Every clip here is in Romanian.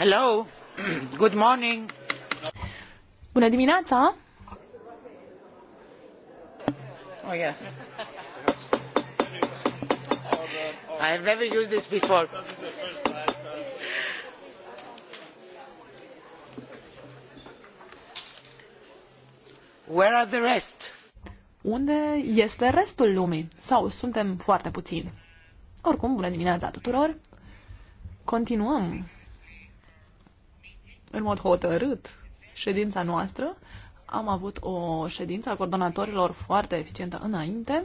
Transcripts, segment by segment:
Hello. Good morning. Bună dimineața. Oh yeah. I have never used this before. Where are the rest? Unde este restul lumii? Sau suntem foarte puțini? Oricum, bună dimineața tuturor! Continuăm în mod hotărât ședința noastră. Am avut o ședință a coordonatorilor foarte eficientă înainte,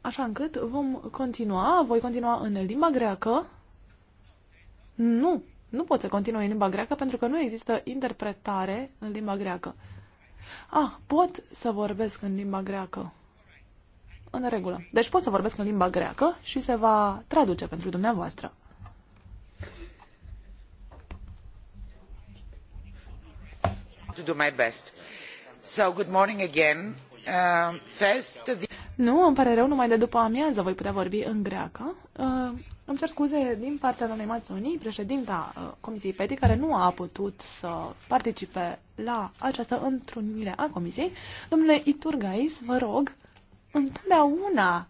așa încât vom continua, voi continua în limba greacă. Nu, nu pot să continui în limba greacă pentru că nu există interpretare în limba greacă. Ah, pot să vorbesc în limba greacă. În regulă. Deci pot să vorbesc în limba greacă și se va traduce pentru dumneavoastră. to do my best. So, good morning again. Uh, first, the... Nu, îmi pare rău, numai de după amiază voi putea vorbi în greacă. Uh, îmi cer scuze din partea doamnei Mazzoni, președinta uh, Comisiei PETI, care nu a putut să participe la această întrunire a Comisiei. Domnule Iturgais, vă rog, întotdeauna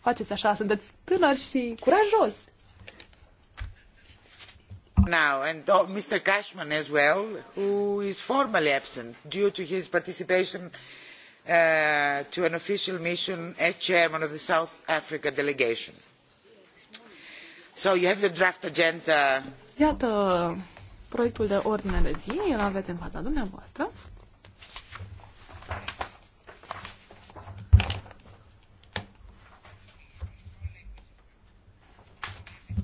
faceți așa, sunteți tânăr și curajos now and oh, Mr. Cashman as well, who is formally absent due to his participation uh, to an official mission as chairman of the South Africa delegation. So you have the draft agenda. Iată proiectul de ordine de zi, îl aveți în fața dumneavoastră.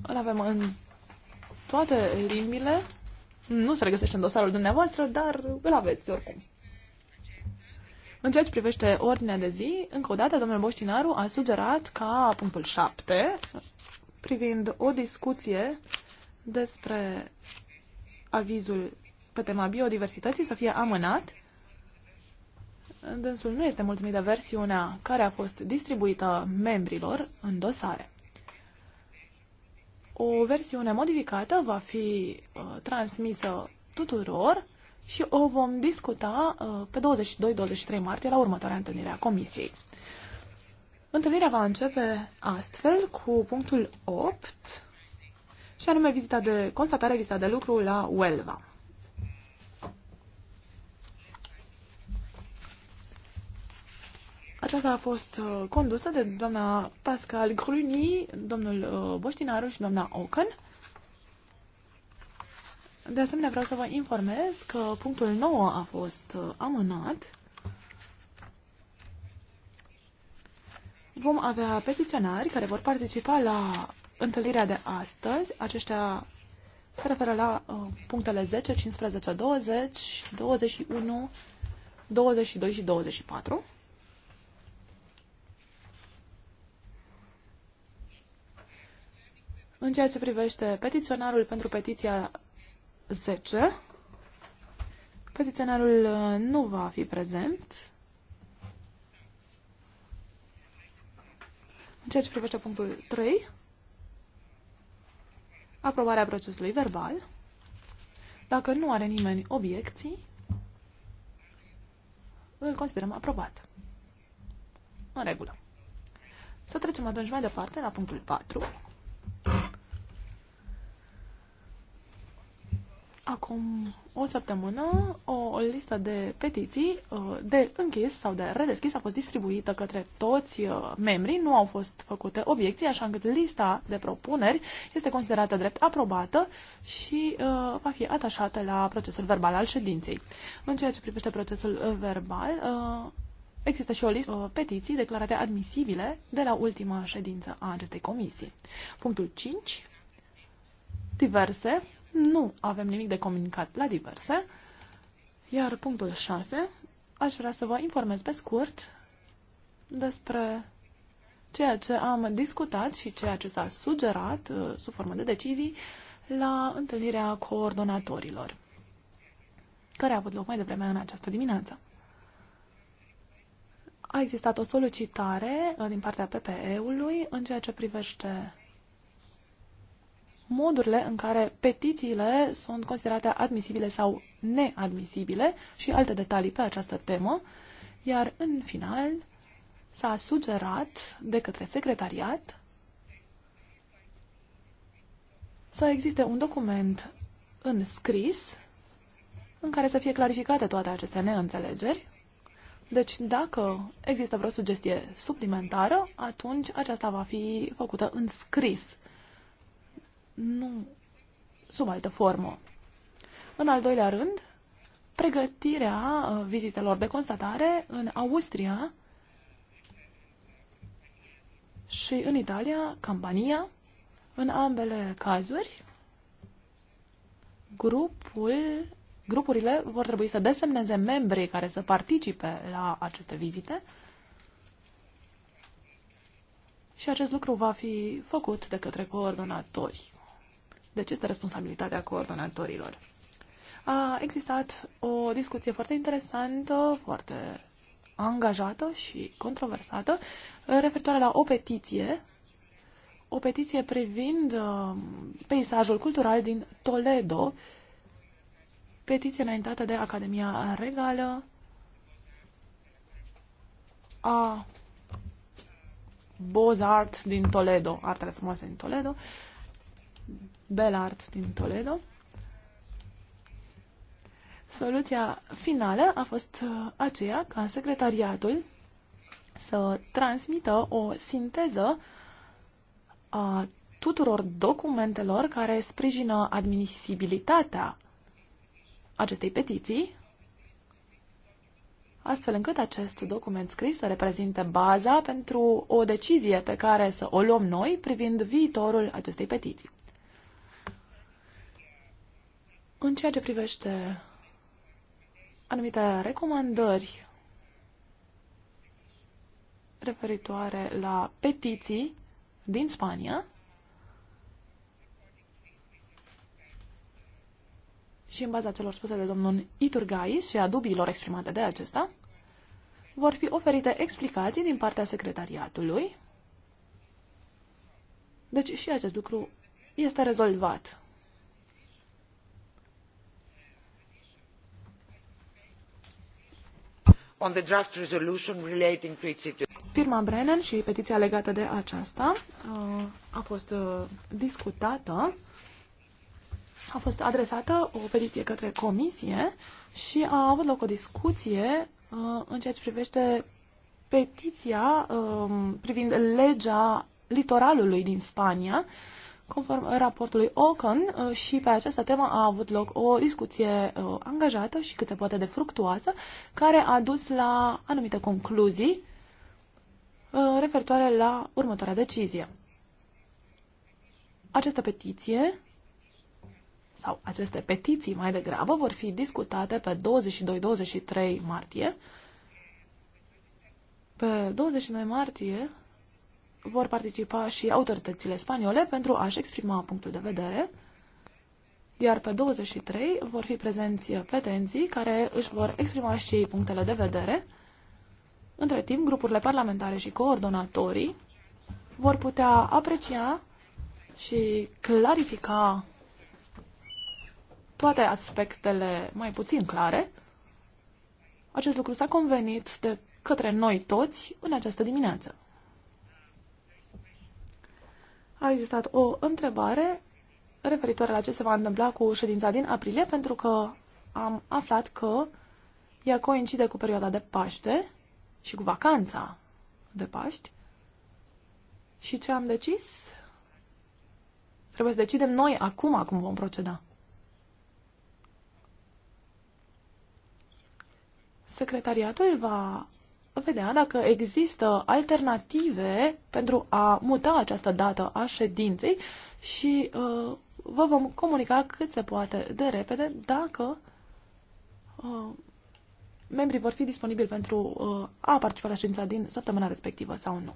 Îl avem în toate limbile. Nu se regăsește în dosarul dumneavoastră, dar îl aveți oricum. În ceea ce privește ordinea de zi, încă o dată, domnul Boștinaru a sugerat ca punctul 7, privind o discuție despre avizul pe tema biodiversității, să fie amânat. Dânsul nu este mulțumit de versiunea care a fost distribuită membrilor în dosare o versiune modificată va fi uh, transmisă tuturor și o vom discuta uh, pe 22-23 martie la următoarea întâlnire a Comisiei. Întâlnirea va începe astfel cu punctul 8 și anume vizita de constatare, vizita de lucru la Uelva. Aceasta a fost uh, condusă de doamna Pascal Gruni, domnul uh, Boștinaru și doamna Ocan. De asemenea, vreau să vă informez că punctul 9 a fost uh, amânat. Vom avea petiționari care vor participa la întâlnirea de astăzi. Aceștia se referă la punctele 10, 15, 20, 21, 22 și 24. În ceea ce privește petiționarul pentru petiția 10, petiționarul uh, nu va fi prezent. În ceea ce privește punctul 3, aprobarea procesului verbal, dacă nu are nimeni obiecții, îl considerăm aprobat. În regulă. Să trecem atunci mai departe la punctul 4. Acum o săptămână, o, o listă de petiții uh, de închis sau de redeschis a fost distribuită către toți uh, membrii. Nu au fost făcute obiecții, așa încât lista de propuneri este considerată drept aprobată și uh, va fi atașată la procesul verbal al ședinței. În ceea ce privește procesul verbal, uh, Există și o listă petiții declarate admisibile de la ultima ședință a acestei comisii. Punctul 5. Diverse. Nu avem nimic de comunicat la diverse. Iar punctul 6. Aș vrea să vă informez pe scurt despre ceea ce am discutat și ceea ce s-a sugerat uh, sub formă de decizii la întâlnirea coordonatorilor, care a avut loc mai devreme în această dimineață. A existat o solicitare uh, din partea PPE-ului în ceea ce privește modurile în care petițiile sunt considerate admisibile sau neadmisibile și alte detalii pe această temă, iar în final s-a sugerat de către secretariat să existe un document în scris în care să fie clarificate toate aceste neînțelegeri deci, dacă există vreo sugestie suplimentară, atunci aceasta va fi făcută în scris, nu sub altă formă. În al doilea rând, pregătirea uh, vizitelor de constatare în Austria și în Italia, Campania, în ambele cazuri, grupul grupurile vor trebui să desemneze membrii care să participe la aceste vizite și acest lucru va fi făcut de către coordonatori. Deci este responsabilitatea coordonatorilor. A existat o discuție foarte interesantă, foarte angajată și controversată referitoare la o petiție o petiție privind uh, peisajul cultural din Toledo petiție înaintată de Academia Regală a Beaux Art din Toledo, artele frumoase din Toledo, Bel Art din Toledo. Soluția finală a fost uh, aceea ca secretariatul să transmită o sinteză a tuturor documentelor care sprijină admisibilitatea acestei petiții, astfel încât acest document scris să reprezinte baza pentru o decizie pe care să o luăm noi privind viitorul acestei petiții. În ceea ce privește anumite recomandări referitoare la petiții din Spania, și în baza celor spuse de domnul Iturgais și a dubiilor exprimate de acesta, vor fi oferite explicații din partea secretariatului. Deci și acest lucru este rezolvat. On the draft resolution relating to its Firma Brennan și petiția legată de aceasta uh, a fost uh, discutată a fost adresată o petiție către comisie și a avut loc o discuție uh, în ceea ce privește petiția uh, privind legea litoralului din Spania, conform raportului Ocon uh, și pe această temă a avut loc o discuție uh, angajată și cât poate de fructuoasă, care a dus la anumite concluzii uh, referitoare la următoarea decizie. Această petiție sau aceste petiții mai degrabă, vor fi discutate pe 22-23 martie. Pe 29 martie vor participa și autoritățile spaniole pentru a-și exprima punctul de vedere, iar pe 23 vor fi prezenți petenții care își vor exprima și punctele de vedere. Între timp, grupurile parlamentare și coordonatorii vor putea aprecia și clarifica toate aspectele mai puțin clare. Acest lucru s-a convenit de către noi toți în această dimineață. A existat o întrebare referitoare la ce se va întâmpla cu ședința din aprilie, pentru că am aflat că ea coincide cu perioada de Paște și cu vacanța de Paști. Și ce am decis? Trebuie să decidem noi acum cum vom proceda. secretariatul va vedea dacă există alternative pentru a muta această dată a ședinței și uh, vă vom comunica cât se poate de repede dacă uh, membrii vor fi disponibili pentru uh, a participa la ședința din săptămâna respectivă sau nu.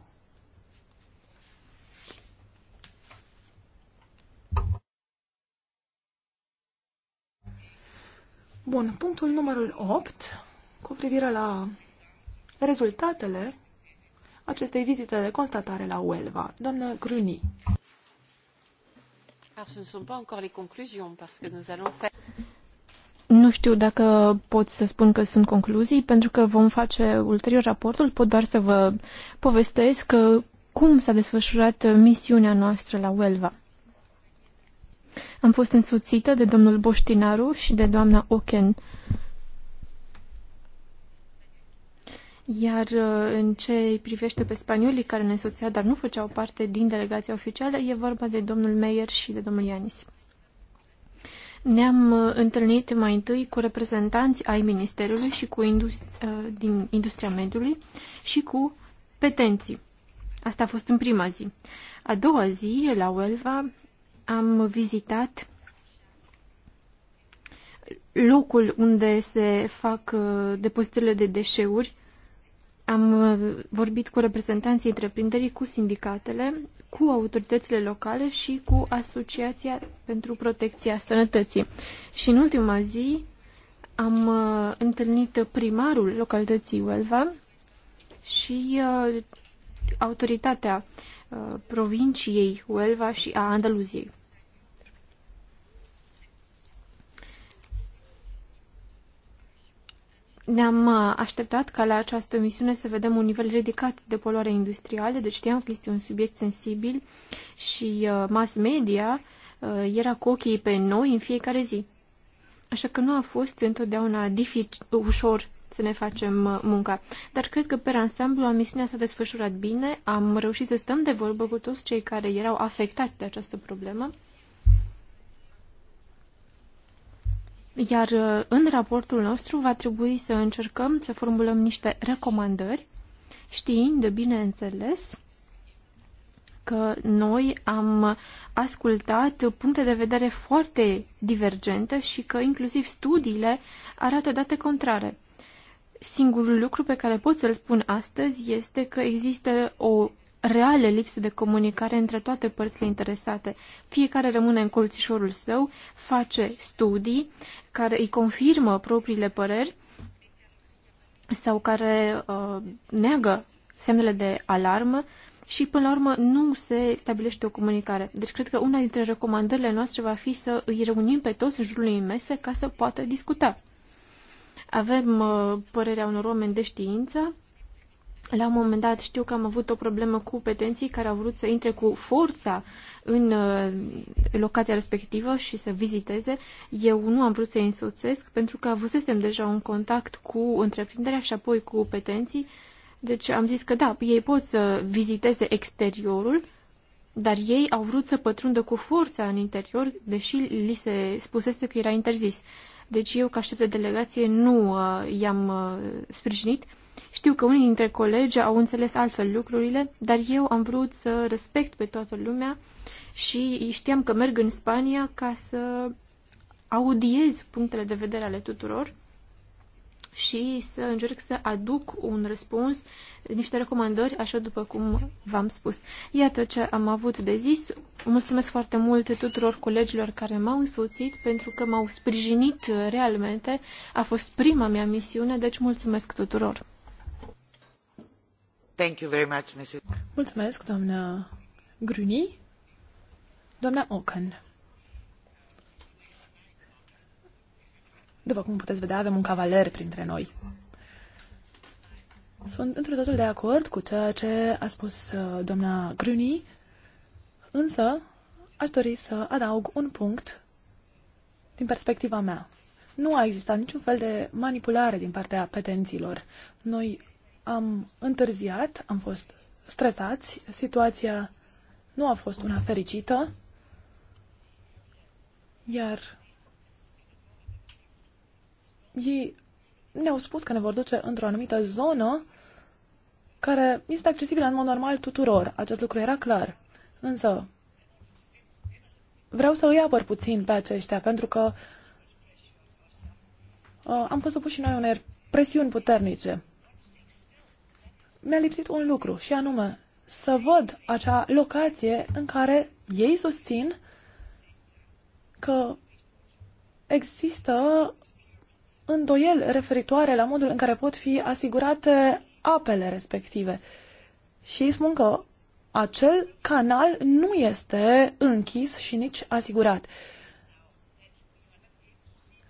Bun, punctul numărul 8 cu privire la rezultatele acestei vizite de constatare la Uelva. Doamnă Gruni. Nu știu dacă pot să spun că sunt concluzii, pentru că vom face ulterior raportul. Pot doar să vă povestesc cum s-a desfășurat misiunea noastră la Uelva. Am fost însuțită de domnul Boștinaru și de doamna Oken. Iar uh, în ce îi privește pe spaniolii care ne soțea, dar nu făceau parte din delegația oficială, e vorba de domnul Meyer și de domnul Ianis. Ne-am uh, întâlnit mai întâi cu reprezentanți ai Ministerului și cu industri- uh, din industria mediului și cu petenții. Asta a fost în prima zi. A doua zi, la Uelva, am vizitat locul unde se fac depozitele de deșeuri am uh, vorbit cu reprezentanții întreprinderii, cu sindicatele, cu autoritățile locale și cu Asociația pentru Protecția Sănătății. Și în ultima zi am uh, întâlnit primarul localității Uelva și uh, autoritatea provinciei Uelva și a Andaluziei. Ne-am uh, așteptat ca la această misiune să vedem un nivel ridicat de poluare industrială, deci știam că este un subiect sensibil și uh, mass media uh, era cu ochii pe noi în fiecare zi. Așa că nu a fost întotdeauna dific- ușor să ne facem munca. Dar cred că, pe ansamblu, misiunea s-a desfășurat bine, am reușit să stăm de vorbă cu toți cei care erau afectați de această problemă Iar uh, în raportul nostru va trebui să încercăm să formulăm niște recomandări, știind, bineînțeles, că noi am ascultat puncte de vedere foarte divergente și că inclusiv studiile arată date contrare. Singurul lucru pe care pot să-l spun astăzi este că există o reală lipsă de comunicare între toate părțile interesate. Fiecare rămâne în colțișorul său, face studii care îi confirmă propriile păreri sau care uh, neagă semnele de alarmă și, până la urmă, nu se stabilește o comunicare. Deci, cred că una dintre recomandările noastre va fi să îi reunim pe toți în jurul unei mese ca să poată discuta. Avem uh, părerea unor oameni de știință, la un moment dat știu că am avut o problemă cu petenții care au vrut să intre cu forța în uh, locația respectivă și să viziteze. Eu nu am vrut să-i însoțesc pentru că avusesem deja un contact cu întreprinderea și apoi cu petenții. Deci am zis că da, ei pot să viziteze exteriorul, dar ei au vrut să pătrundă cu forța în interior, deși li se spusese că era interzis. Deci eu, ca șef de delegație, nu uh, i-am uh, sprijinit știu că unii dintre colegi au înțeles altfel lucrurile, dar eu am vrut să respect pe toată lumea și știam că merg în Spania ca să audiez punctele de vedere ale tuturor și să încerc să aduc un răspuns, niște recomandări, așa după cum v-am spus. Iată ce am avut de zis. Mulțumesc foarte mult tuturor colegilor care m-au însoțit pentru că m-au sprijinit realmente. A fost prima mea misiune, deci mulțumesc tuturor. Thank you Mulțumesc, doamnă Gruni. Doamna Ocan. După cum puteți vedea, avem un cavaler printre noi. Sunt într totul de acord cu ceea ce a spus uh, doamna Gruni, însă aș dori să adaug un punct din perspectiva mea. Nu a existat niciun fel de manipulare din partea petenților. Noi am întârziat, am fost stresați, situația nu a fost una fericită, iar ei ne-au spus că ne vor duce într-o anumită zonă care este accesibilă în mod normal tuturor. Acest lucru era clar. Însă, vreau să îi apăr puțin pe aceștia, pentru că uh, am fost supuși și noi unei presiuni puternice mi-a lipsit un lucru și anume să văd acea locație în care ei susțin că există îndoiel referitoare la modul în care pot fi asigurate apele respective. Și ei spun că acel canal nu este închis și nici asigurat.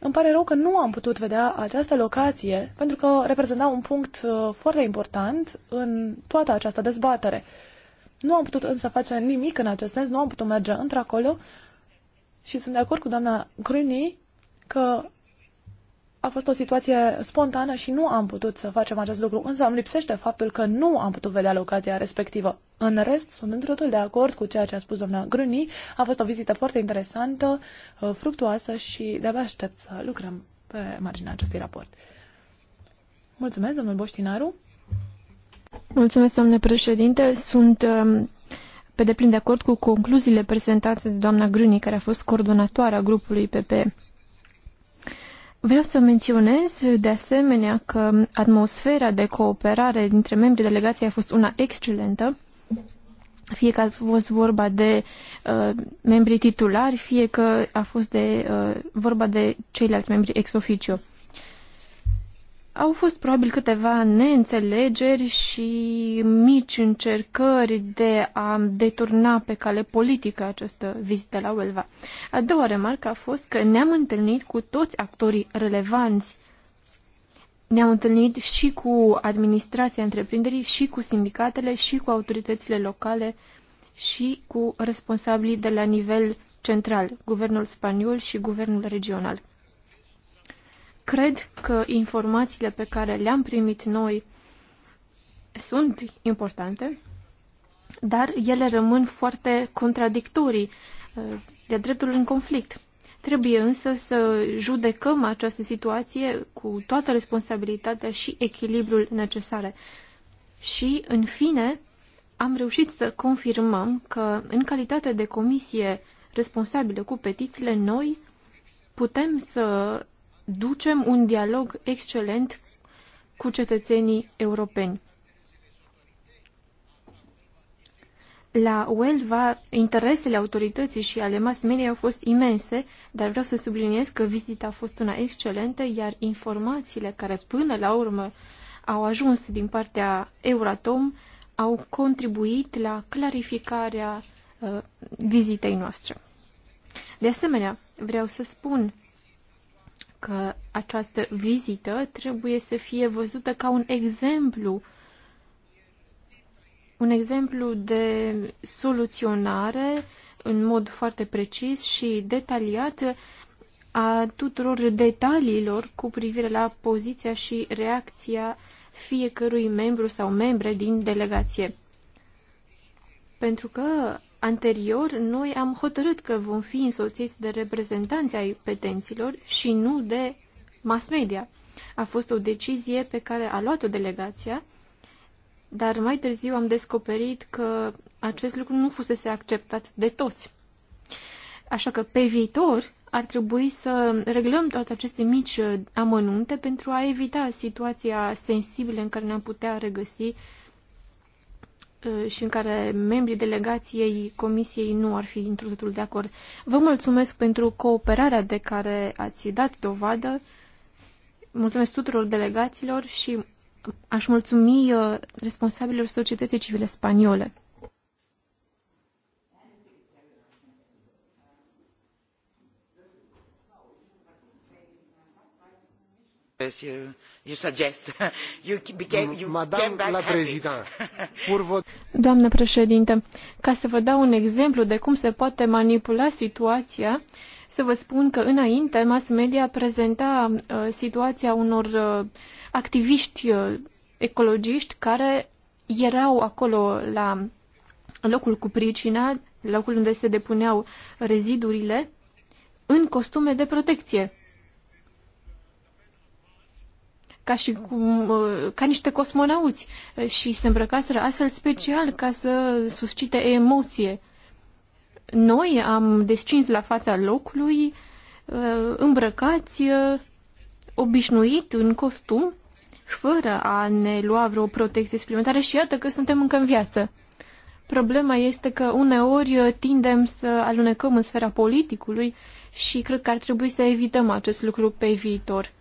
Îmi pare rău că nu am putut vedea această locație, pentru că reprezenta un punct uh, foarte important în toată această dezbatere. Nu am putut însă face nimic în acest sens, nu am putut merge într-acolo și sunt de acord cu doamna Gruni că a fost o situație spontană și nu am putut să facem acest lucru, însă îmi lipsește faptul că nu am putut vedea locația respectivă. În rest, sunt într totul de acord cu ceea ce a spus doamna Gruni. A fost o vizită foarte interesantă, uh, fructuoasă și de-abia aștept să lucrăm pe marginea acestui raport. Mulțumesc, domnul Boștinaru. Mulțumesc, domnule președinte. Sunt um, pe deplin de acord cu concluziile prezentate de doamna Gruni, care a fost coordonatoarea grupului PP. Vreau să menționez de asemenea că atmosfera de cooperare dintre membrii delegației a fost una excelentă, fie că a fost vorba de uh, membrii titulari, fie că a fost de, uh, vorba de ceilalți membri ex officio. Au fost probabil câteva neînțelegeri și mici încercări de a deturna pe cale politică această vizită la Uelva. A doua remarcă a fost că ne-am întâlnit cu toți actorii relevanți. Ne-am întâlnit și cu administrația întreprinderii, și cu sindicatele, și cu autoritățile locale, și cu responsabilii de la nivel central, guvernul spaniol și guvernul regional. Cred că informațiile pe care le-am primit noi sunt importante, dar ele rămân foarte contradictorii, uh, de dreptul în conflict. Trebuie însă să judecăm această situație cu toată responsabilitatea și echilibrul necesare. Și, în fine, am reușit să confirmăm că, în calitate de comisie responsabilă cu petițiile, noi putem să ducem un dialog excelent cu cetățenii europeni. La Uelva, interesele autorității și ale mass media au fost imense, dar vreau să subliniez că vizita a fost una excelentă, iar informațiile care până la urmă au ajuns din partea Euratom au contribuit la clarificarea uh, vizitei noastre. De asemenea, vreau să spun că această vizită trebuie să fie văzută ca un exemplu un exemplu de soluționare în mod foarte precis și detaliat a tuturor detaliilor cu privire la poziția și reacția fiecărui membru sau membre din delegație. Pentru că Anterior, noi am hotărât că vom fi însoțiți de reprezentanții ai petenților și nu de mass media. A fost o decizie pe care a luat-o delegația, dar mai târziu am descoperit că acest lucru nu fusese acceptat de toți. Așa că pe viitor ar trebui să reglăm toate aceste mici uh, amănunte pentru a evita situația sensibilă în care ne-am putea regăsi Uh, și în care membrii delegației comisiei nu ar fi într totul de acord. Vă mulțumesc pentru cooperarea de care ați dat dovadă. Mulțumesc tuturor delegaților și aș mulțumi uh, responsabililor societății civile spaniole. Doamnă președinte, ca să vă dau un exemplu de cum se poate manipula situația, să vă spun că înainte mass media prezenta uh, situația unor uh, activiști uh, ecologiști care erau acolo la locul cu pricina, locul unde se depuneau rezidurile, în costume de protecție ca și cum, uh, ca niște cosmonauți uh, și se îmbrăcaseră astfel special ca să suscite emoție. Noi am descins la fața locului, uh, îmbrăcați, obișnuit, în costum, fără a ne lua vreo protecție suplimentară și iată că suntem încă în viață. Problema este că uneori tindem să alunecăm în sfera politicului și cred că ar trebui să evităm acest lucru pe viitor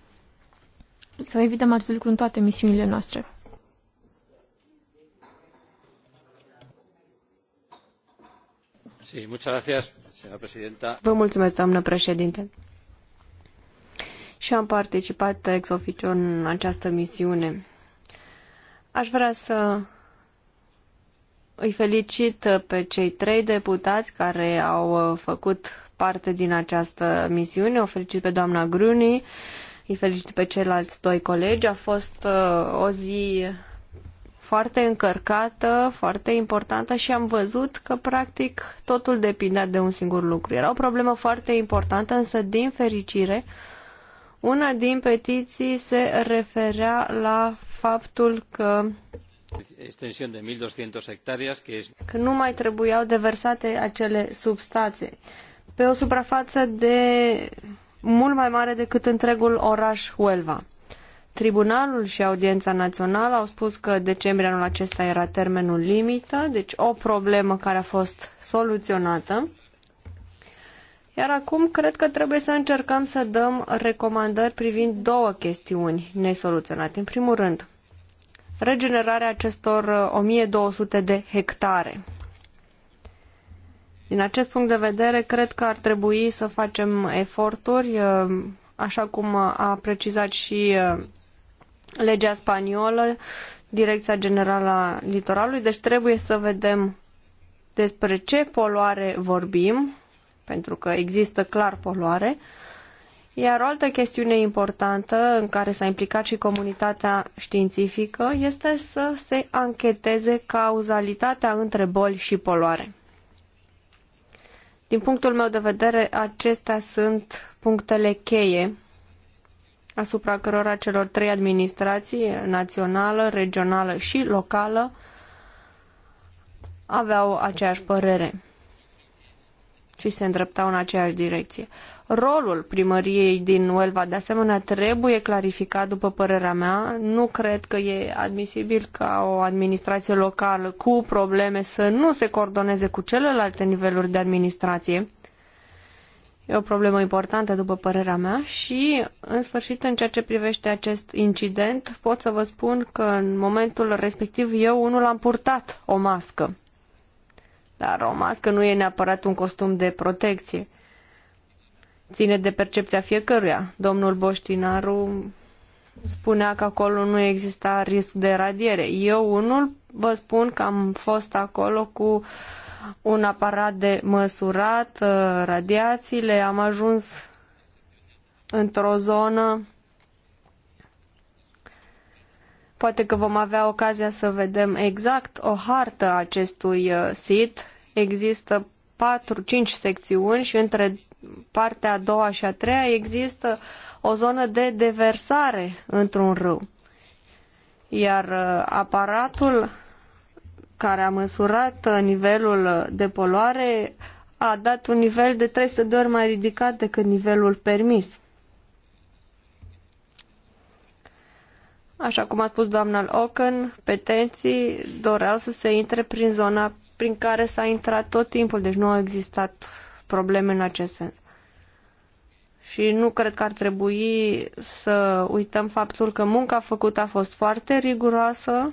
să evităm acest lucru în toate misiunile noastre. Vă mulțumesc, doamnă președinte. Și am participat ex officio în această misiune. Aș vrea să îi felicit pe cei trei deputați care au făcut parte din această misiune. O felicit pe doamna Gruni, îi felicit pe ceilalți doi colegi. A fost uh, o zi foarte încărcată, foarte importantă și am văzut că practic totul depindea de un singur lucru. Era o problemă foarte importantă, însă din fericire una din petiții se referea la faptul că extensiune de 1200 hectare, que este... că nu mai trebuiau deversate acele substanțe pe o suprafață de mult mai mare decât întregul oraș Huelva. Tribunalul și Audiența Națională au spus că decembrie anul acesta era termenul limită, deci o problemă care a fost soluționată. Iar acum cred că trebuie să încercăm să dăm recomandări privind două chestiuni nesoluționate. În primul rând, regenerarea acestor 1200 uh, de hectare din acest punct de vedere, cred că ar trebui să facem eforturi, uh, așa cum a precizat și uh, legea spaniolă, Direcția Generală a Litoralului, deci trebuie să vedem despre ce poluare vorbim, pentru că există clar poluare. Iar o altă chestiune importantă în care s-a implicat și comunitatea științifică este să se ancheteze cauzalitatea între boli și poluare. Din punctul meu de vedere, acestea sunt punctele cheie asupra cărora celor trei administrații, națională, regională și locală, aveau aceeași părere ci se îndreptau în aceeași direcție. Rolul primăriei din Uelva, de asemenea, trebuie clarificat, după părerea mea. Nu cred că e admisibil ca o administrație locală cu probleme să nu se coordoneze cu celelalte niveluri de administrație. E o problemă importantă, după părerea mea, și, în sfârșit, în ceea ce privește acest incident, pot să vă spun că, în momentul respectiv, eu unul am purtat o mască dar o mască nu e neapărat un costum de protecție. Ține de percepția fiecăruia. Domnul Boștinaru spunea că acolo nu exista risc de radiere. Eu unul vă spun că am fost acolo cu un aparat de măsurat uh, radiațiile, am ajuns într-o zonă Poate că vom avea ocazia să vedem exact o hartă a acestui uh, sit. Există 4-5 secțiuni și între partea a doua și a treia există o zonă de deversare într-un râu. Iar uh, aparatul care a măsurat uh, nivelul de poluare a dat un nivel de 300 de ori mai ridicat decât nivelul permis. Așa cum a spus doamna Ocken, petenții doreau să se intre prin zona prin care s-a intrat tot timpul, deci nu au existat probleme în acest sens. Și nu cred că ar trebui să uităm faptul că munca făcută a fost foarte riguroasă,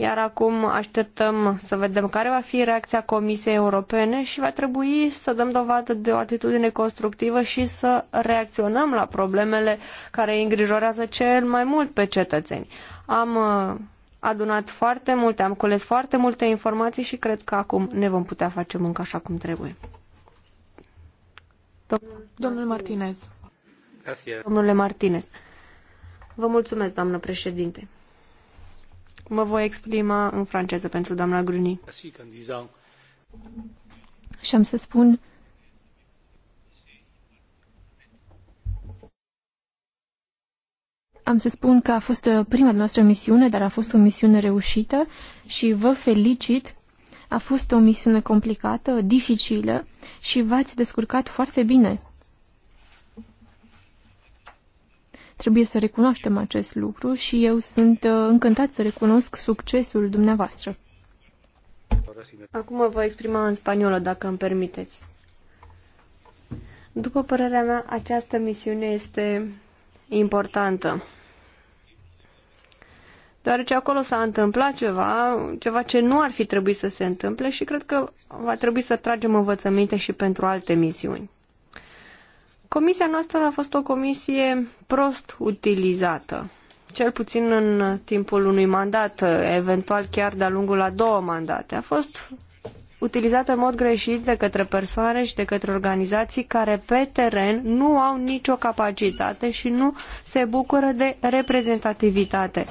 iar acum așteptăm să vedem care va fi reacția Comisiei Europene și va trebui să dăm dovadă de o atitudine constructivă și să reacționăm la problemele care îi îngrijorează cel mai mult pe cetățeni. Am uh, adunat foarte multe, am cules foarte multe informații și cred că acum ne vom putea face munca așa cum trebuie. Domnul Martinez. Domnule Martinez. Vă mulțumesc, doamnă președinte. Mă voi exprima în franceză pentru doamna Gruni. Și am să spun am să spun că a fost uh, prima noastră misiune, dar a fost o misiune reușită și vă felicit. A fost o misiune complicată, dificilă și v-ați descurcat foarte bine. Trebuie să recunoaștem acest lucru și eu sunt uh, încântat să recunosc succesul dumneavoastră. Acum vă exprima în spaniolă, dacă îmi permiteți. După părerea mea, această misiune este importantă. Deoarece acolo s-a întâmplat ceva, ceva ce nu ar fi trebuit să se întâmple și cred că va trebui să tragem învățăminte și pentru alte misiuni. Comisia noastră a fost o comisie prost utilizată, cel puțin în timpul unui mandat, eventual chiar de-a lungul a două mandate. A fost utilizată în mod greșit de către persoane și de către organizații care pe teren nu au nicio capacitate și nu se bucură de reprezentativitate.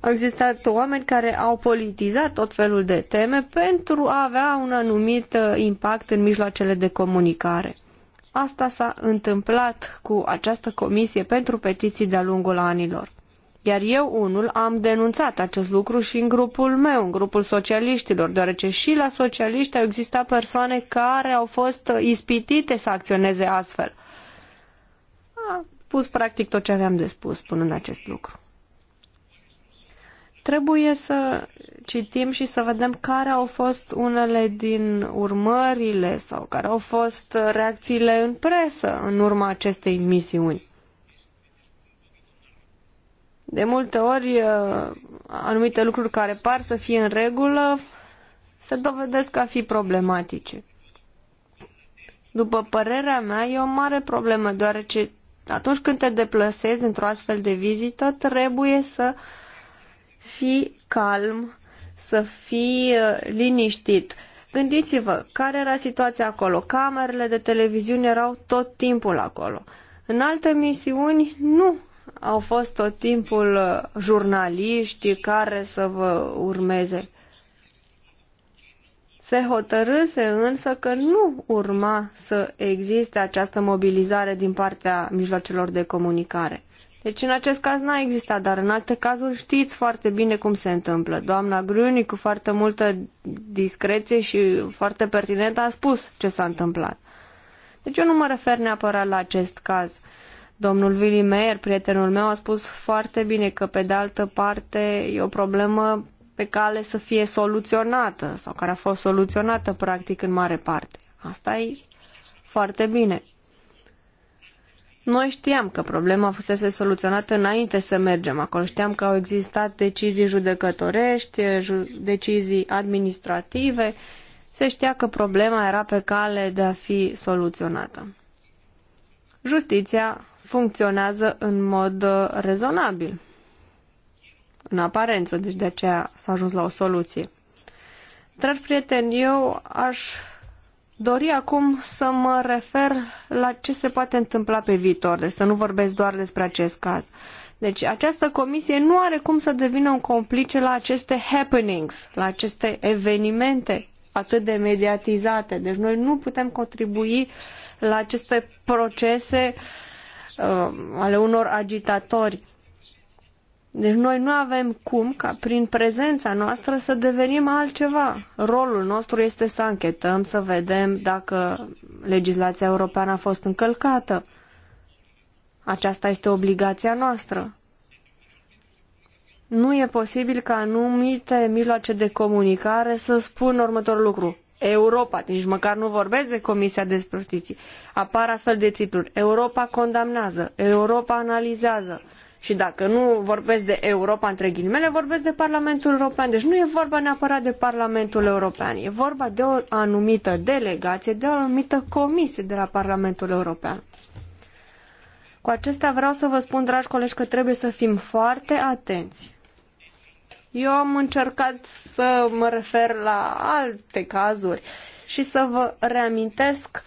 Au existat oameni care au politizat tot felul de teme pentru a avea un anumit impact în mijloacele de comunicare. Asta s-a întâmplat cu această comisie pentru petiții de-a lungul anilor. Iar eu unul am denunțat acest lucru și în grupul meu, în grupul socialiștilor, deoarece și la socialiști au existat persoane care au fost uh, ispitite să acționeze astfel. Am pus practic tot ce aveam de spus spunând acest lucru. Trebuie să citim și să vedem care au fost unele din urmările sau care au fost reacțiile în presă în urma acestei misiuni. De multe ori, uh, anumite lucruri care par să fie în regulă se dovedesc a fi problematice. După părerea mea, e o mare problemă, deoarece atunci când te deplasezi într-o astfel de vizită, trebuie să uh, fii calm, să fii uh, liniștit. Gândiți-vă, care era situația acolo? Camerele de televiziune erau tot timpul acolo. În alte misiuni, nu au fost tot timpul uh, jurnaliști care să vă urmeze. Se hotărâse însă că nu urma să existe această mobilizare din partea mijloacelor de comunicare. Deci în acest caz n-a existat, dar în alte cazuri știți foarte bine cum se întâmplă. Doamna Gruni cu foarte multă discreție și foarte pertinent a spus ce s-a întâmplat. Deci eu nu mă refer neapărat la acest caz. Domnul Willy Meyer, prietenul meu, a spus foarte bine că pe de altă parte e o problemă pe cale să fie soluționată sau care a fost soluționată practic în mare parte. Asta e foarte bine. Noi știam că problema fusese soluționată înainte să mergem acolo. Știam că au existat decizii judecătorești, decizii administrative. Se știa că problema era pe cale de a fi soluționată. Justiția funcționează în mod uh, rezonabil, în aparență, deci de aceea s-a ajuns la o soluție. Dar, prieteni, eu aș dori acum să mă refer la ce se poate întâmpla pe viitor, deci să nu vorbesc doar despre acest caz. Deci această comisie nu are cum să devină un complice la aceste happenings, la aceste evenimente atât de mediatizate. Deci noi nu putem contribui la aceste procese uh, ale unor agitatori. Deci noi nu avem cum ca prin prezența noastră să devenim altceva. Rolul nostru este să anchetăm, să vedem dacă legislația europeană a fost încălcată. Aceasta este obligația noastră. Nu e posibil ca anumite mijloace de comunicare să spună următorul lucru. Europa, nici măcar nu vorbesc de Comisia de Petiții, apar astfel de titluri. Europa condamnează, Europa analizează, și dacă nu vorbesc de Europa între ghilimele, vorbesc de Parlamentul European. Deci nu e vorba neapărat de Parlamentul European, e vorba de o anumită delegație, de o anumită comisie de la Parlamentul European. Cu acestea vreau să vă spun, dragi colegi, că trebuie să fim foarte atenți. Eu am încercat să mă refer la alte cazuri și să vă reamintesc uh,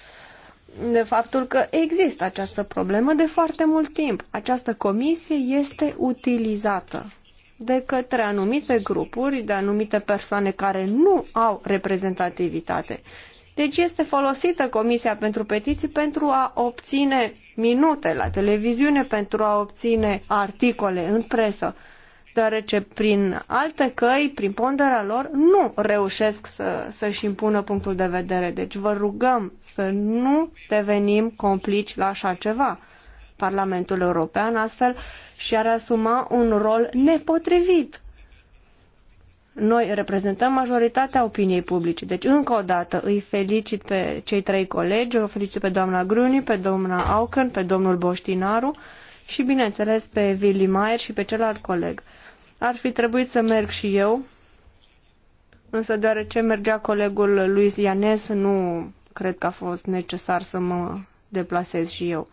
de faptul că există această problemă de foarte mult timp. Această comisie este utilizată de către anumite grupuri, de anumite persoane care nu au reprezentativitate. Deci este folosită Comisia pentru Petiții pentru a obține minute la televiziune, pentru a obține articole în presă deoarece prin alte căi, prin ponderea lor, nu reușesc să, să-și impună punctul de vedere. Deci vă rugăm să nu devenim complici la așa ceva. Parlamentul European astfel și-ar asuma un rol nepotrivit. Noi reprezentăm majoritatea opiniei publice. Deci, încă o dată, îi felicit pe cei trei colegi, o felicit pe doamna Gruni, pe doamna Auken, pe domnul Boștinaru și, bineînțeles, pe Vili Maier și pe celălalt coleg. Ar fi trebuit să merg și eu, însă deoarece mergea colegul lui Ianes, nu cred că a fost necesar să mă deplasez și eu.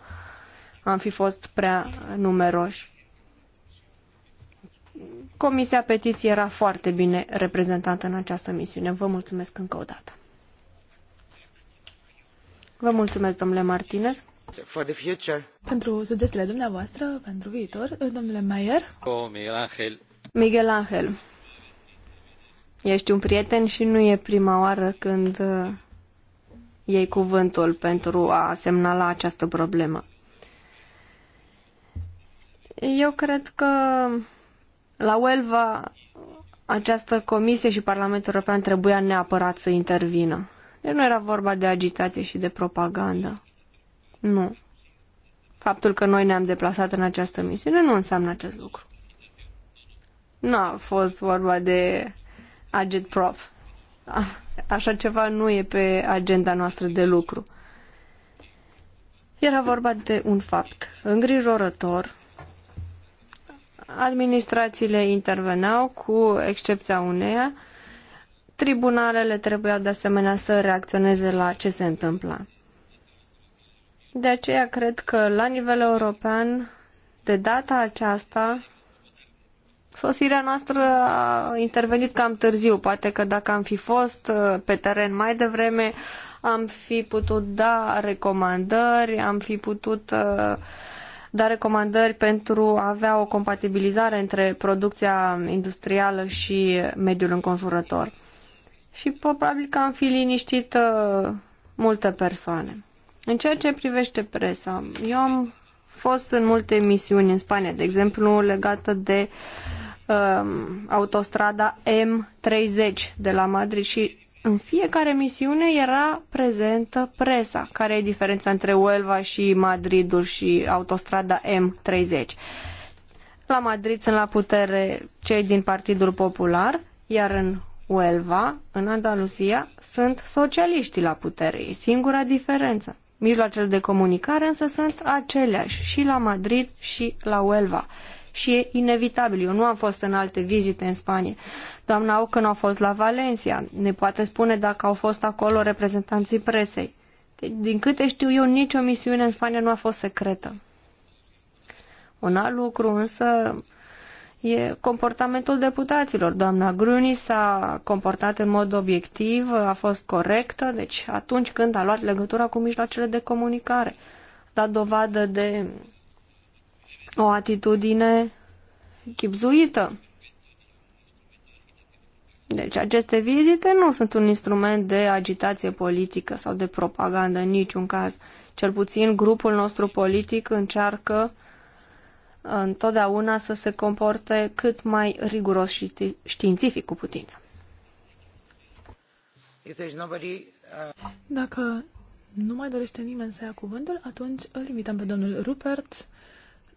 Am fi fost prea numeroși. Comisia Petiției era foarte bine reprezentată în această misiune. Vă mulțumesc încă o dată. Vă mulțumesc, domnule Martinez. For the future. Pentru sugestiile dumneavoastră, pentru viitor, domnule Mayer. Oh, Miguel Angel, Miguel Angel, ești un prieten și nu e prima oară când uh, iei cuvântul pentru a semnala această problemă. Eu cred că la Uelva această comisie și Parlamentul European trebuia neapărat să intervină. Deci nu era vorba de agitație și de propagandă. Nu. Faptul că noi ne-am deplasat în această misiune nu înseamnă acest lucru nu a fost vorba de agent prop. Așa ceva nu e pe agenda noastră de lucru. Era vorba de un fapt îngrijorător. Administrațiile interveneau, cu excepția uneia. Tribunalele trebuiau de asemenea să reacționeze la ce se întâmpla. De aceea cred că la nivel european, de data aceasta, Sosirea noastră a intervenit cam târziu, poate că dacă am fi fost uh, pe teren mai devreme, am fi putut da recomandări, am fi putut uh, da recomandări pentru a avea o compatibilizare între producția industrială și mediul înconjurător. Și probabil că am fi liniștit uh, multe persoane. În ceea ce privește presa, eu am fost în multe misiuni în Spania, de exemplu legată de uh, Um, autostrada M30 de la Madrid și în fiecare misiune era prezentă presa. Care e diferența între Uelva și Madridul și autostrada M30? La Madrid sunt la putere cei din Partidul Popular, iar în Uelva, în Andalusia, sunt socialiștii la putere. E singura diferență. Mijloacele de comunicare însă sunt aceleași și la Madrid și la Uelva și e inevitabil. Eu nu am fost în alte vizite în Spania. Doamna Ocan a fost la Valencia. Ne poate spune dacă au fost acolo reprezentanții presei. Deci, din câte știu eu, nicio misiune în Spania nu a fost secretă. Un alt lucru însă e comportamentul deputaților. Doamna Gruni s-a comportat în mod obiectiv, a fost corectă, deci atunci când a luat legătura cu mijloacele de comunicare, a dat dovadă de o atitudine chipzuită. Deci aceste vizite nu sunt un instrument de agitație politică sau de propagandă în niciun caz. Cel puțin grupul nostru politic încearcă uh, întotdeauna să se comporte cât mai riguros și științific cu putință. Uh, Dacă nu mai dorește nimeni să ia cuvântul, atunci îl invităm pe domnul Rupert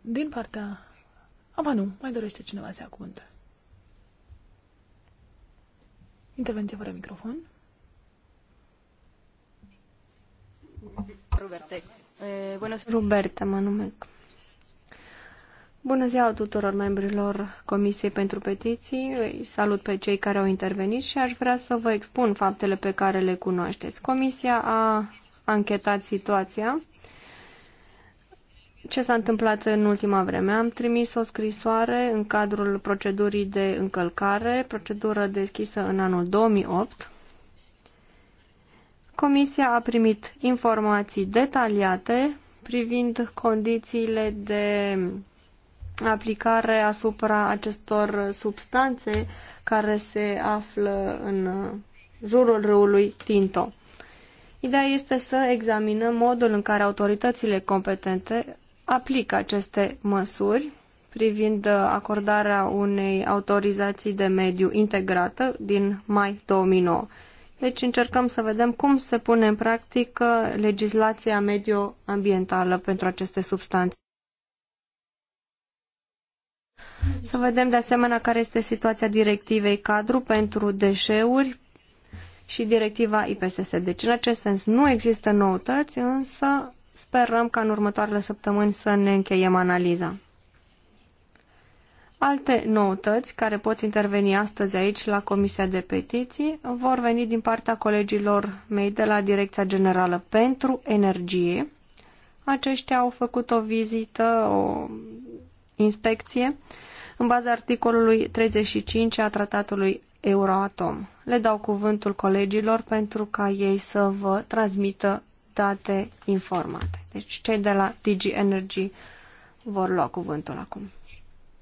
din partea... Aba nu, mai dorește cineva să ia cuvântul. Intervenție fără microfon. Roberte. Eh, Roberta, mă numesc. Bună ziua tuturor membrilor Comisiei pentru Petiții. Îi salut pe cei care au intervenit și aș vrea să vă expun faptele pe care le cunoașteți. Comisia a anchetat situația ce s-a întâmplat în ultima vreme. Am trimis o scrisoare în cadrul procedurii de încălcare, procedură deschisă în anul 2008. Comisia a primit informații detaliate privind condițiile de aplicare asupra acestor substanțe care se află în jurul râului Tinto. Ideea este să examinăm modul în care autoritățile competente aplică aceste măsuri privind uh, acordarea unei autorizații de mediu integrată din mai 2009. Deci încercăm să vedem cum se pune în practică legislația medio-ambientală pentru aceste substanțe. Să vedem de asemenea care este situația directivei cadru pentru deșeuri și directiva IPSS. Deci în acest sens nu există noutăți, însă Sperăm ca în următoarele săptămâni să ne încheiem analiza. Alte noutăți care pot interveni astăzi aici la Comisia de Petiții vor veni din partea colegilor mei de la Direcția Generală pentru Energie. Aceștia au făcut o vizită, o inspecție, în baza articolului 35 a tratatului Euroatom. Le dau cuvântul colegilor pentru ca ei să vă transmită date informate. Deci cei de la DG Energy vor lua cuvântul acum.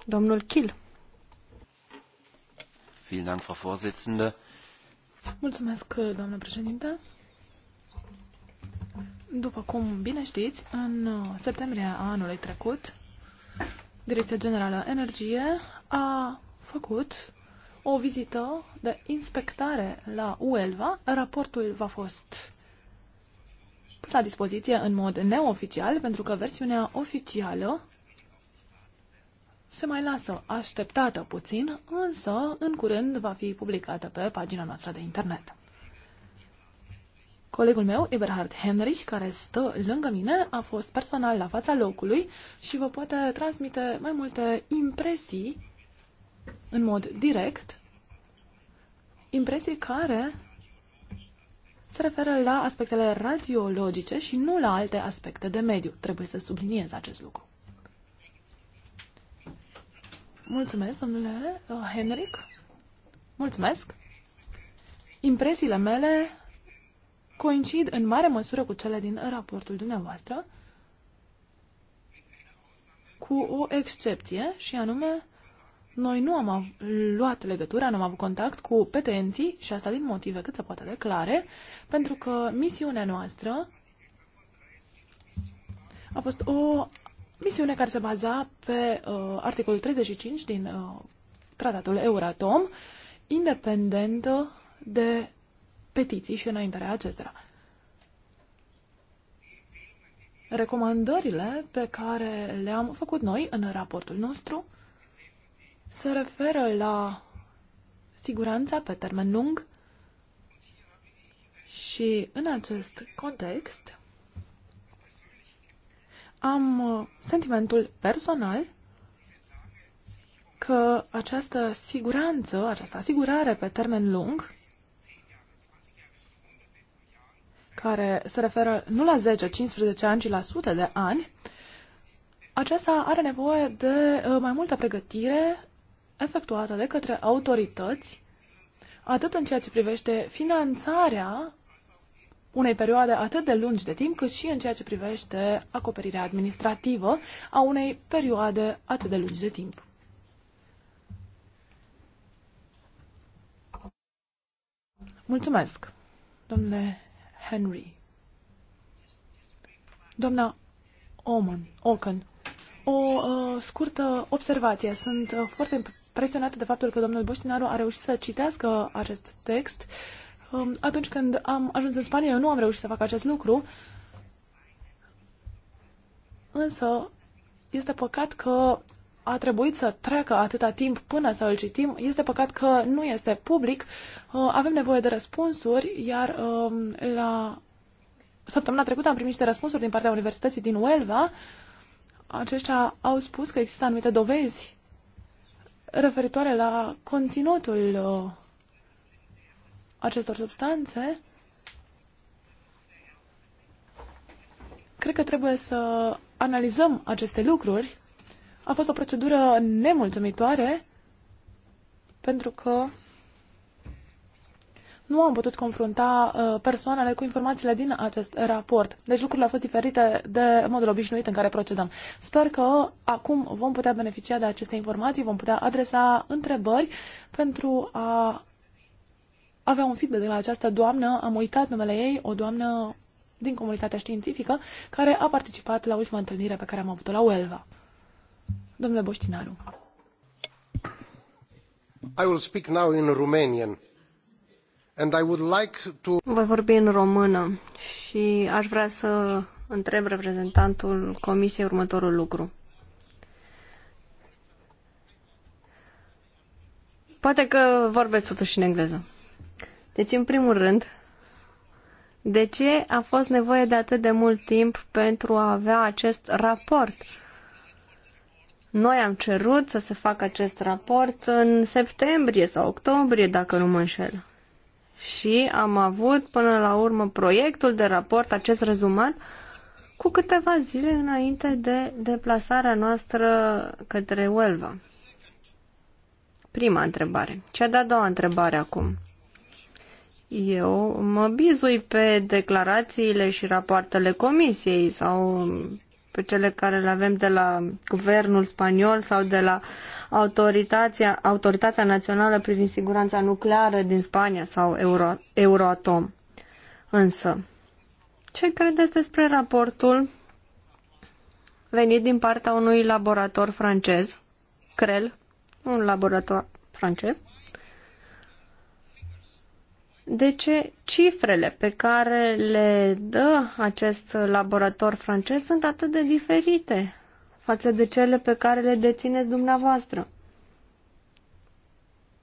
Domnul Kill. Mulțumesc, doamnă președinte. După cum bine știți, în septembrie a anului trecut, Direcția Generală Energie a făcut o vizită de inspectare la Uelva. Raportul va fost pus la dispoziție în mod neoficial, pentru că versiunea oficială se mai lasă așteptată puțin, însă în curând va fi publicată pe pagina noastră de internet. Colegul meu, Eberhard Henrich, care stă lângă mine, a fost personal la fața locului și vă poate transmite mai multe impresii în mod direct, impresii care se referă la aspectele radiologice și nu la alte aspecte de mediu. Trebuie să subliniez acest lucru. Mulțumesc, domnule uh, Henric. Mulțumesc. Impresiile mele coincid în mare măsură cu cele din raportul dumneavoastră, cu o excepție, și anume noi nu am luat legătura, nu am avut contact cu petenții și asta din motive cât se poate de clare, pentru că misiunea noastră a fost o misiune care se baza pe uh, articolul 35 din uh, tratatul Euratom, independentă de petiții și înaintarea acestora. Recomandările pe care le-am făcut noi în raportul nostru se referă la siguranța pe termen lung și în acest context am uh, sentimentul personal că această siguranță, această asigurare pe termen lung, care se referă nu la 10-15 ani, ci la sute de ani, aceasta are nevoie de uh, mai multă pregătire efectuată de către autorități, atât în ceea ce privește finanțarea unei perioade atât de lungi de timp, cât și în ceea ce privește acoperirea administrativă a unei perioade atât de lungi de timp. Mulțumesc, domnule Henry. Doamna Oman, Oken, o uh, scurtă observație. Sunt uh, foarte presionată de faptul că domnul Boștinaru a reușit să citească acest text. Um, atunci când am ajuns în Spania, eu nu am reușit să fac acest lucru, însă este păcat că a trebuit să treacă atâta timp până să îl citim. Este păcat că nu este public. Uh, avem nevoie de răspunsuri, iar um, la săptămâna trecută am primit niște răspunsuri din partea Universității din Uelva. Aceștia au spus că există anumite dovezi referitoare la conținutul uh, acestor substanțe, cred că trebuie să analizăm aceste lucruri. A fost o procedură nemulțumitoare pentru că nu am putut confrunta uh, persoanele cu informațiile din acest raport. Deci lucrurile au fost diferite de modul obișnuit în care procedăm. Sper că acum vom putea beneficia de aceste informații, vom putea adresa întrebări pentru a avea un feedback de la această doamnă. Am uitat numele ei, o doamnă din comunitatea științifică, care a participat la ultima întâlnire pe care am avut-o la Uelva. Domnule Boștinaru. I will speak now in Romanian. And I would like to... Voi vorbi în română și aș vrea să întreb reprezentantul Comisiei următorul lucru. Poate că vorbesc totuși în engleză. Deci, în primul rând, de ce a fost nevoie de atât de mult timp pentru a avea acest raport? Noi am cerut să se facă acest raport în septembrie sau octombrie, dacă nu mă înșel și am avut până la urmă proiectul de raport, acest rezumat, cu câteva zile înainte de deplasarea noastră către Uelva. Prima întrebare. Cea de-a doua întrebare acum. Eu mă bizui pe declarațiile și rapoartele comisiei sau pe cele care le avem de la guvernul spaniol sau de la Autoritatea, Autoritatea Națională privind siguranța nucleară din Spania sau Euro, Euroatom. Însă, ce credeți despre raportul venit din partea unui laborator francez, CREL, un laborator francez, de ce cifrele pe care le dă acest laborator francez sunt atât de diferite față de cele pe care le dețineți dumneavoastră.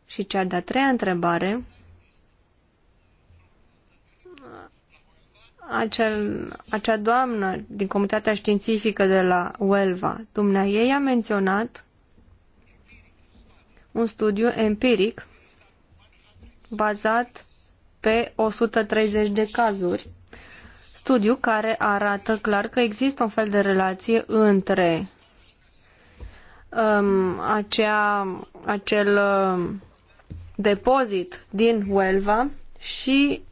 Și cea de-a treia întrebare, acel, acea doamnă din comunitatea științifică de la Uelva, dumnea ei a menționat un studiu empiric bazat pe 130 de cazuri. Studiu care arată clar că există un fel de relație între um, acea, acel um, depozit din Huelva și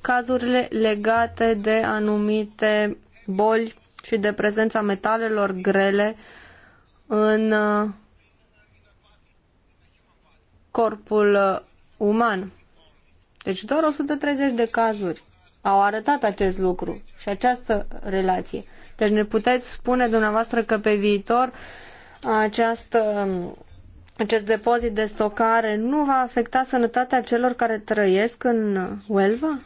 cazurile legate de anumite boli și de prezența metalelor grele în uh, corpul uh, uman. Deci doar 130 de cazuri au arătat acest lucru și această relație. Deci ne puteți spune dumneavoastră că pe viitor această, acest depozit de stocare nu va afecta sănătatea celor care trăiesc în Huelva?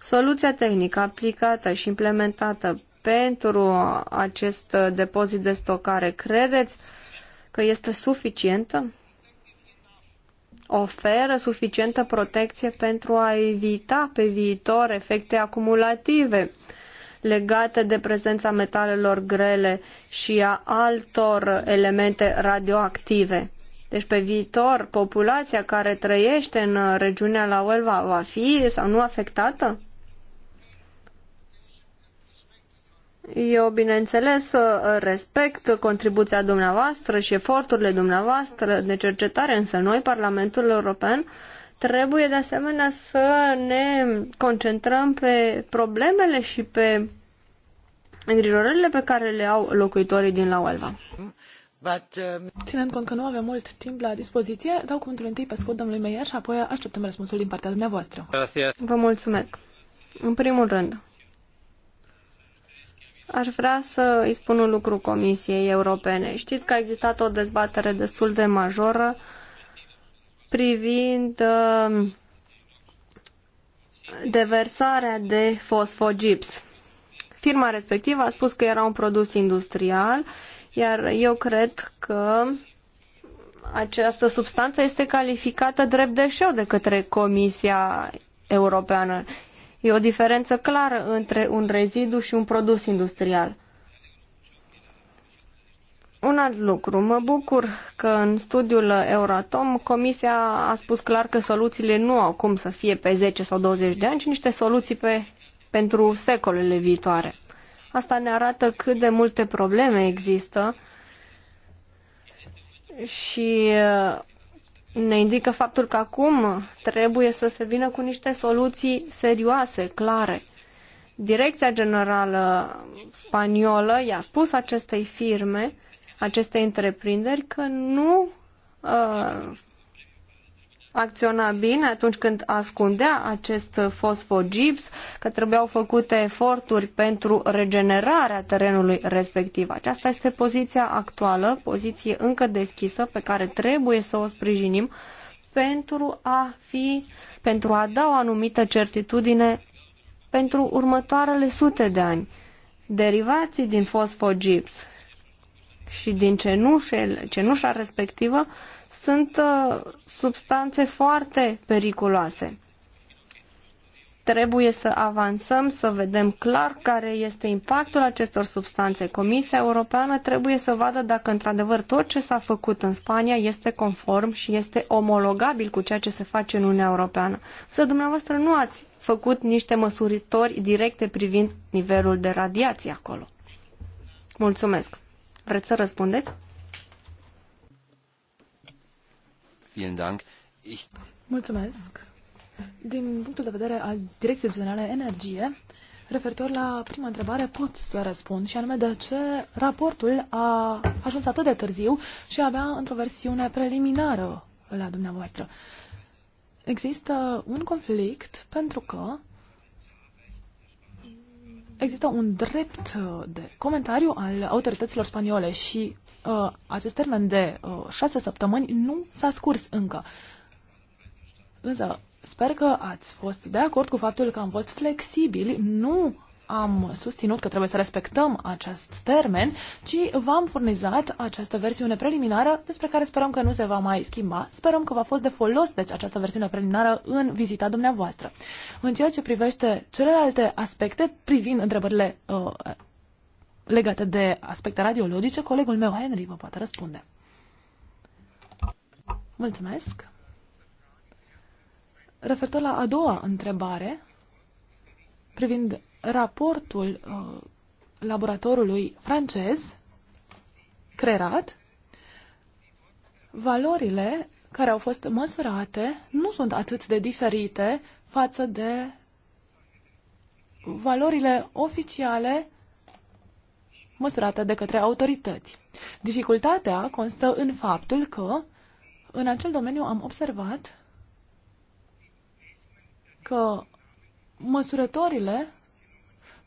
Soluția tehnică aplicată și implementată pentru acest depozit de stocare, credeți că este suficientă? oferă suficientă protecție pentru a evita pe viitor efecte acumulative legate de prezența metalelor grele și a altor elemente radioactive. Deci pe viitor, populația care trăiește în regiunea la Uelva va fi sau nu afectată? Eu, bineînțeles, uh, respect contribuția dumneavoastră și eforturile dumneavoastră de cercetare, însă noi, Parlamentul European, trebuie de asemenea să ne concentrăm pe problemele și pe îngrijorările pe care le au locuitorii din La Uelva. But, um, Ținând cont că nu avem mult timp la dispoziție, dau cuvântul întâi pe scurt domnului Meier și apoi așteptăm răspunsul din partea dumneavoastră. Gracias. Vă mulțumesc. În primul rând, Aș vrea să îi spun un lucru Comisiei Europene. Știți că a existat o dezbatere destul de majoră privind uh, deversarea de fosfogips. Firma respectivă a spus că era un produs industrial, iar eu cred că această substanță este calificată drept deșeu de către Comisia Europeană. E o diferență clară între un rezidu și un produs industrial. Un alt lucru. Mă bucur că în studiul Euratom Comisia a spus clar că soluțiile nu au cum să fie pe 10 sau 20 de ani, ci niște soluții pe, pentru secolele viitoare. Asta ne arată cât de multe probleme există și ne indică faptul că acum trebuie să se vină cu niște soluții serioase, clare. Direcția Generală Spaniolă i-a spus acestei firme, acestei întreprinderi, că nu uh, acționa bine atunci când ascundea acest fosfogips, că trebuiau făcute eforturi pentru regenerarea terenului respectiv. Aceasta este poziția actuală, poziție încă deschisă pe care trebuie să o sprijinim pentru a fi pentru a da o anumită certitudine pentru următoarele sute de ani. Derivații din fosfogips și din cenușel, cenușa respectivă sunt uh, substanțe foarte periculoase. Trebuie să avansăm, să vedem clar care este impactul acestor substanțe. Comisia Europeană trebuie să vadă dacă într-adevăr tot ce s-a făcut în Spania este conform și este omologabil cu ceea ce se face în Uniunea Europeană. Să dumneavoastră nu ați făcut niște măsuritori directe privind nivelul de radiație acolo. Mulțumesc! Vreți să răspundeți? Mulțumesc. Din punctul de vedere al Direcției Generale Energie, referitor la prima întrebare, pot să răspund și anume de ce raportul a ajuns atât de târziu și avea într-o versiune preliminară la dumneavoastră. Există un conflict pentru că există un drept uh, de comentariu al autorităților spaniole și uh, acest termen de uh, șase săptămâni nu s-a scurs încă. Însă sper că ați fost de acord cu faptul că am fost flexibili, nu am susținut că trebuie să respectăm acest termen, ci v-am furnizat această versiune preliminară despre care sperăm că nu se va mai schimba. Sperăm că v-a fost de folos deci această versiune preliminară în vizita dumneavoastră. În ceea ce privește celelalte aspecte privind întrebările uh, legate de aspecte radiologice, colegul meu Henry vă poate răspunde. Mulțumesc. Referitor la a doua întrebare, privind raportul uh, laboratorului francez, Crerat, valorile care au fost măsurate nu sunt atât de diferite față de valorile oficiale măsurate de către autorități. Dificultatea constă în faptul că în acel domeniu am observat că măsurătorile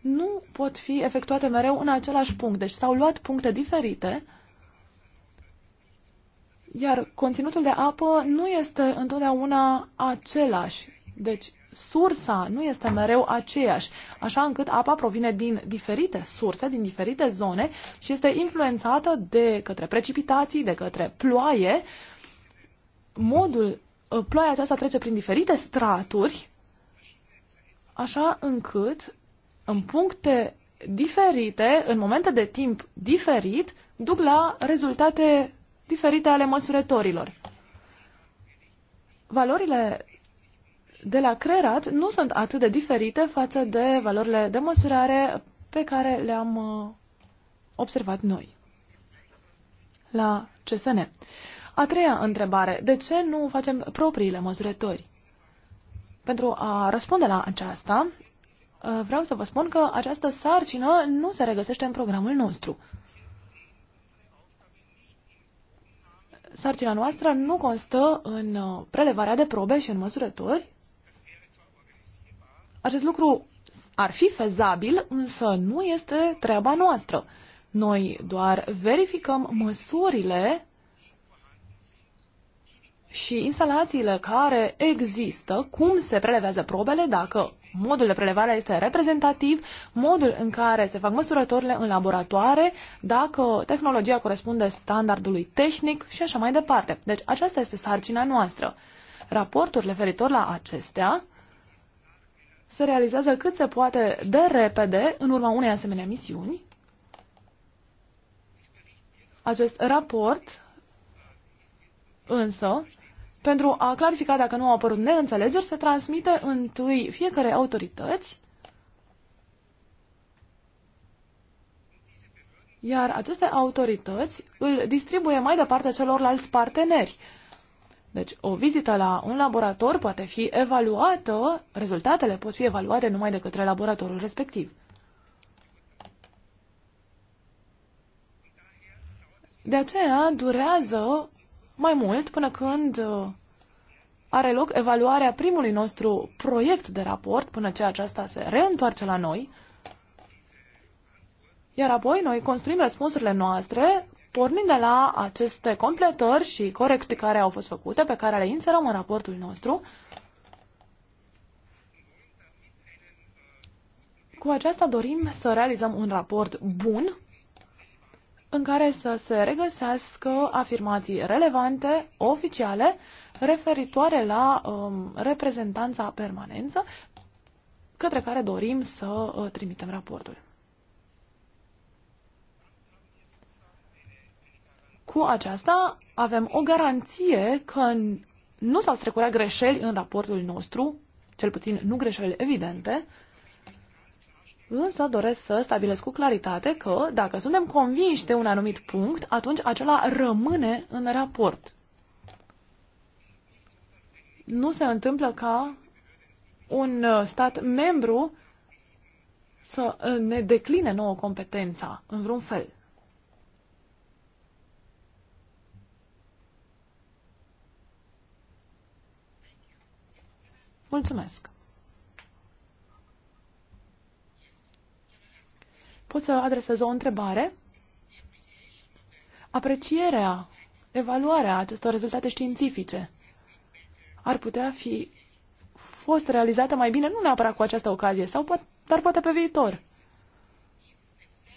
nu pot fi efectuate mereu în același punct. Deci s-au luat puncte diferite, iar conținutul de apă nu este întotdeauna același. Deci sursa nu este mereu aceeași, așa încât apa provine din diferite surse, din diferite zone și este influențată de către precipitații, de către ploaie. Modul, ploaia aceasta trece prin diferite straturi, așa încât în puncte diferite, în momente de timp diferit, duc la rezultate diferite ale măsurătorilor. Valorile de la creat nu sunt atât de diferite față de valorile de măsurare pe care le-am uh, observat noi la CSN. A treia întrebare. De ce nu facem propriile măsurători? Pentru a răspunde la aceasta, Uh, vreau să vă spun că această sarcină nu se regăsește în programul nostru. Sarcina noastră nu constă în uh, prelevarea de probe și în măsurători. Acest lucru ar fi fezabil, însă nu este treaba noastră. Noi doar verificăm măsurile și instalațiile care există, cum se prelevează probele, dacă modul de prelevare este reprezentativ, modul în care se fac măsurătorile în laboratoare, dacă tehnologia corespunde standardului tehnic și așa mai departe. Deci aceasta este sarcina noastră. Raportul referitor la acestea se realizează cât se poate de repede în urma unei asemenea misiuni. Acest raport însă pentru a clarifica dacă nu au apărut neînțelegeri, se transmite întâi fiecare autorități, iar aceste autorități îl distribuie mai departe celorlalți parteneri. Deci o vizită la un laborator poate fi evaluată, rezultatele pot fi evaluate numai de către laboratorul respectiv. De aceea durează mai mult până când uh, are loc evaluarea primului nostru proiect de raport, până ce aceasta se reîntoarce la noi, iar apoi noi construim răspunsurile noastre pornind de la aceste completări și corecții care au fost făcute, pe care le inserăm în raportul nostru, cu aceasta dorim să realizăm un raport bun în care să se regăsească afirmații relevante, oficiale, referitoare la um, reprezentanța permanență, către care dorim să uh, trimitem raportul. Cu aceasta avem o garanție că nu s-au strecurat greșeli în raportul nostru, cel puțin nu greșeli evidente, însă doresc să stabilesc cu claritate că dacă suntem convinși de un anumit punct, atunci acela rămâne în raport. Nu se întâmplă ca un uh, stat membru să uh, ne decline nouă competența în vreun fel. Mulțumesc! pot să adresez o întrebare? Aprecierea, evaluarea acestor rezultate științifice ar putea fi fost realizată mai bine, nu neapărat cu această ocazie, sau po- dar poate pe viitor.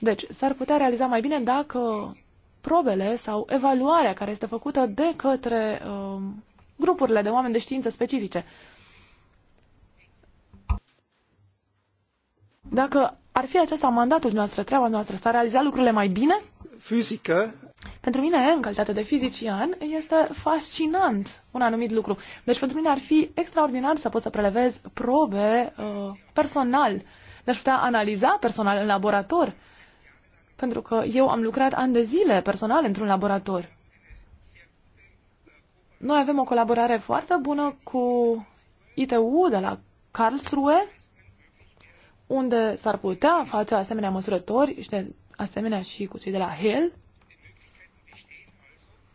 Deci, s-ar putea realiza mai bine dacă probele sau evaluarea care este făcută de către uh, grupurile de oameni de știință specifice. Dacă ar fi acesta mandatul noastră, treaba noastră, să realiza lucrurile mai bine? Fizică. Pentru mine, în calitate de fizician, este fascinant un anumit lucru. Deci pentru mine ar fi extraordinar să pot să prelevez probe uh, personal. Le-aș putea analiza personal în laborator. Pentru că eu am lucrat ani de zile personal într-un laborator. Noi avem o colaborare foarte bună cu ITU de la Karlsruhe unde s-ar putea face asemenea măsurători și de asemenea și cu cei de la Hill.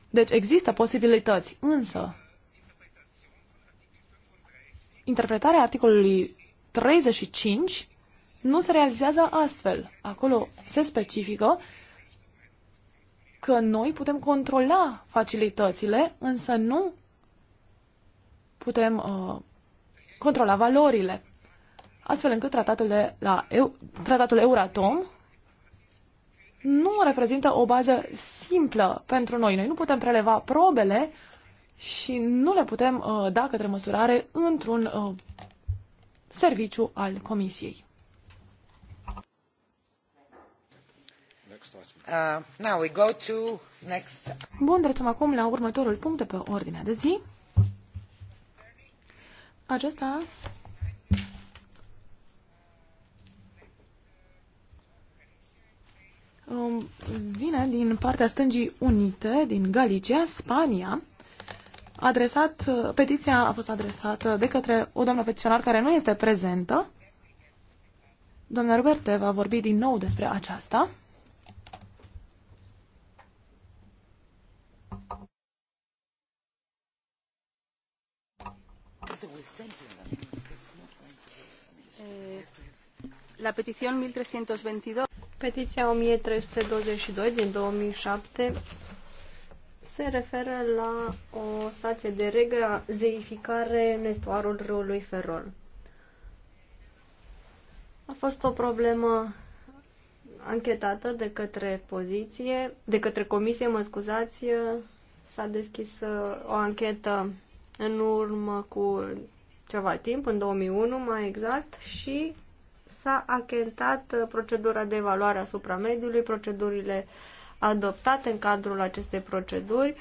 Deci există posibilități, însă interpretarea articolului 35 nu se realizează astfel. Acolo se specifică că noi putem controla facilitățile, însă nu putem uh, controla valorile astfel încât tratatul, de la EU, tratatul Euratom nu reprezintă o bază simplă pentru noi. Noi nu putem preleva probele și nu le putem uh, da către măsurare într-un uh, serviciu al Comisiei. Uh, now we go to next... Bun, trecem acum la următorul punct de pe ordinea de zi. Acesta Um, vine din partea stângii unite, din Galicia, Spania. Adresat, petiția a fost adresată de către o doamnă petiționar care nu este prezentă. Doamna Roberte va vorbi din nou despre aceasta. Eh, la petición 1322. Petiția 1322 din 2007 se referă la o stație de regă zeificare în estuarul râului Ferol. A fost o problemă anchetată de către poziție, de către comisie, mă scuzați, s-a deschis uh, o anchetă în urmă cu ceva timp, în 2001 mai exact, și s-a agentat uh, procedura de evaluare asupra mediului, procedurile adoptate în cadrul acestei proceduri,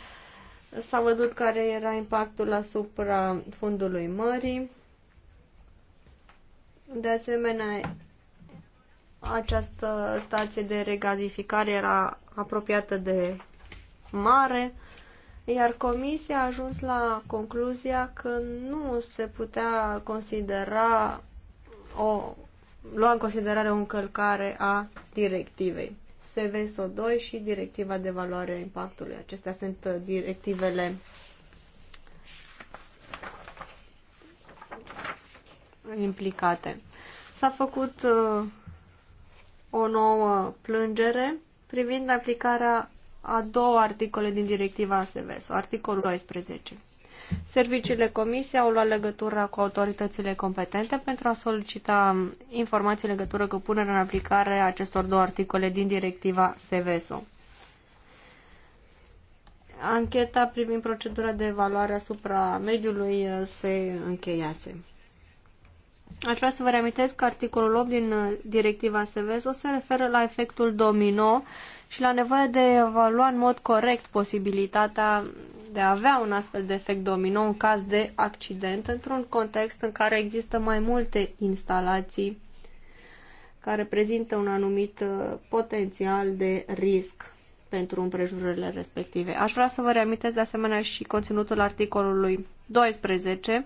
s-a văzut care era impactul asupra fundului mării. De asemenea, această stație de regazificare era apropiată de mare, iar comisia a ajuns la concluzia că nu se putea considera o lua în considerare o încălcare a directivei. SVSO 2 și directiva de valoare a impactului. Acestea sunt uh, directivele implicate. S-a făcut uh, o nouă plângere privind aplicarea a două articole din directiva SVSO, articolul 12. Serviciile comisiei au luat legătura cu autoritățile competente pentru a solicita informații în legătură cu punerea în aplicare a acestor două articole din directiva SEVESO. Ancheta privind procedura de evaluare asupra mediului uh, se încheiase. Aș vrea să vă reamintesc că articolul 8 din uh, directiva SEVESO se referă la efectul domino și la nevoia de a evalua în mod corect posibilitatea de a avea un astfel de efect domino în caz de accident, într-un context în care există mai multe instalații care prezintă un anumit uh, potențial de risc pentru împrejurările respective. Aș vrea să vă reamintesc de asemenea și conținutul articolului 12,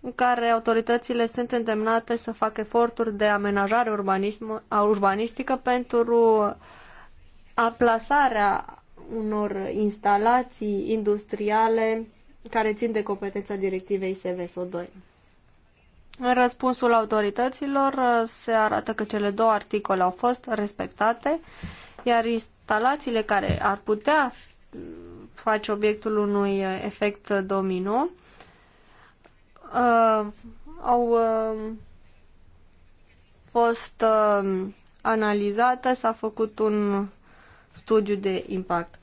în care autoritățile sunt îndemnate să facă eforturi de amenajare urbanism, a urbanistică pentru uh, aplasarea unor instalații industriale care țin de competența directivei SVSO2. În răspunsul autorităților uh, se arată că cele două articole au fost respectate, iar instalațiile care ar putea face obiectul unui efect domino uh, au uh, fost uh, analizate, s-a făcut un studiu de impact.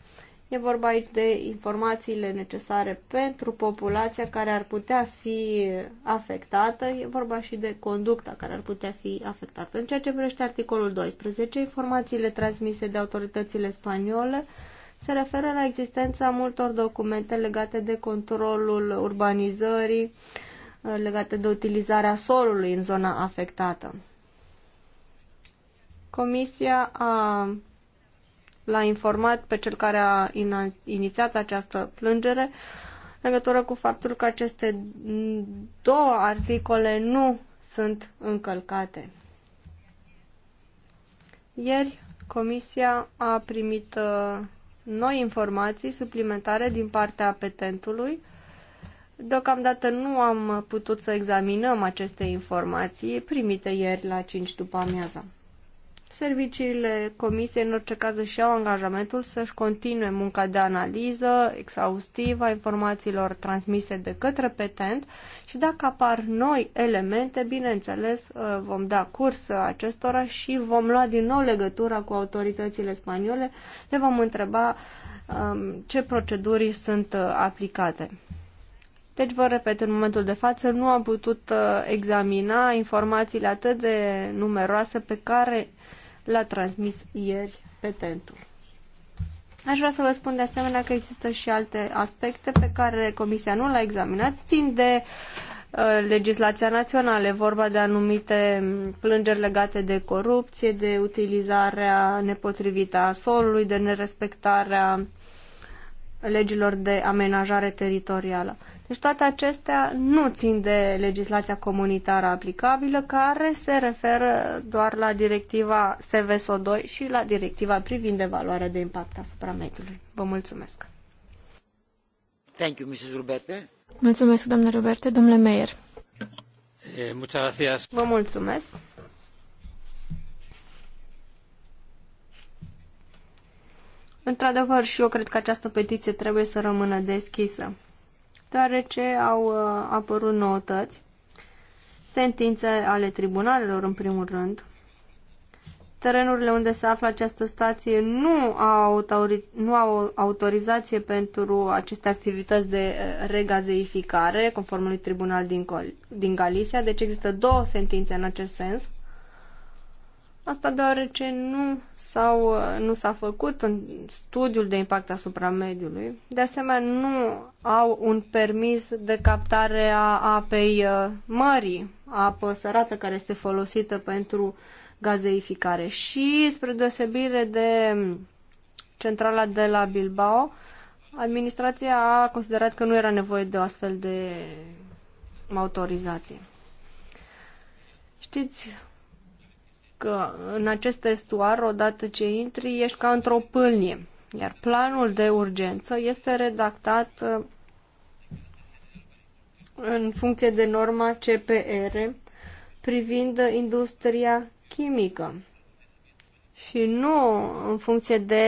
E vorba aici de informațiile necesare pentru populația care ar putea fi afectată, e vorba și de conducta care ar putea fi afectată. În ceea ce privește articolul 12, informațiile transmise de autoritățile spaniole se referă la existența multor documente legate de controlul urbanizării, legate de utilizarea solului în zona afectată. Comisia a l-a informat pe cel care a inițiat această plângere în legătură cu faptul că aceste două articole nu sunt încălcate. Ieri, Comisia a primit uh, noi informații suplimentare din partea petentului. Deocamdată nu am putut să examinăm aceste informații primite ieri la 5 după amiaza. Serviciile comisiei, în orice caz, își au angajamentul să-și continue munca de analiză exhaustivă a informațiilor transmise de către petent și dacă apar noi elemente, bineînțeles, uh, vom da curs acestora și vom lua din nou legătura cu autoritățile spaniole, le vom întreba um, ce proceduri sunt uh, aplicate. Deci, vă repet, în momentul de față nu am putut uh, examina informațiile atât de numeroase pe care l-a transmis ieri petentul. Aș vrea să vă spun de asemenea că există și alte aspecte pe care Comisia nu le-a examinat, țin de uh, legislația națională, vorba de anumite plângeri legate de corupție, de utilizarea nepotrivită a solului, de nerespectarea legilor de amenajare teritorială. Deci toate acestea nu țin de legislația comunitară aplicabilă, care se referă doar la directiva SVSO2 și la directiva privind evaluarea de impact asupra mediului. Vă mulțumesc! Thank you, Mrs. Ruberte. Mulțumesc, doamnă Roberte. Domnule Meyer. Eh, Vă mulțumesc. Într-adevăr, și eu cred că această petiție trebuie să rămână deschisă deoarece au uh, apărut noutăți, sentințe ale tribunalelor în primul rând. Terenurile unde se află această stație nu au, nu au autorizație pentru aceste activități de uh, regazeificare, conform unui tribunal din, Col- din Galicia, deci există două sentințe în acest sens. Asta deoarece nu, s-au, nu s-a făcut în studiul de impact asupra mediului. De asemenea, nu au un permis de captare a apei uh, mării, apă sărată care este folosită pentru gazeificare. Și, spre deosebire de centrala de la Bilbao, administrația a considerat că nu era nevoie de o astfel de autorizație. Știți că în acest estuar, odată ce intri, ești ca într-o pâlnie. Iar planul de urgență este redactat uh, în funcție de norma CPR privind industria chimică și nu în funcție de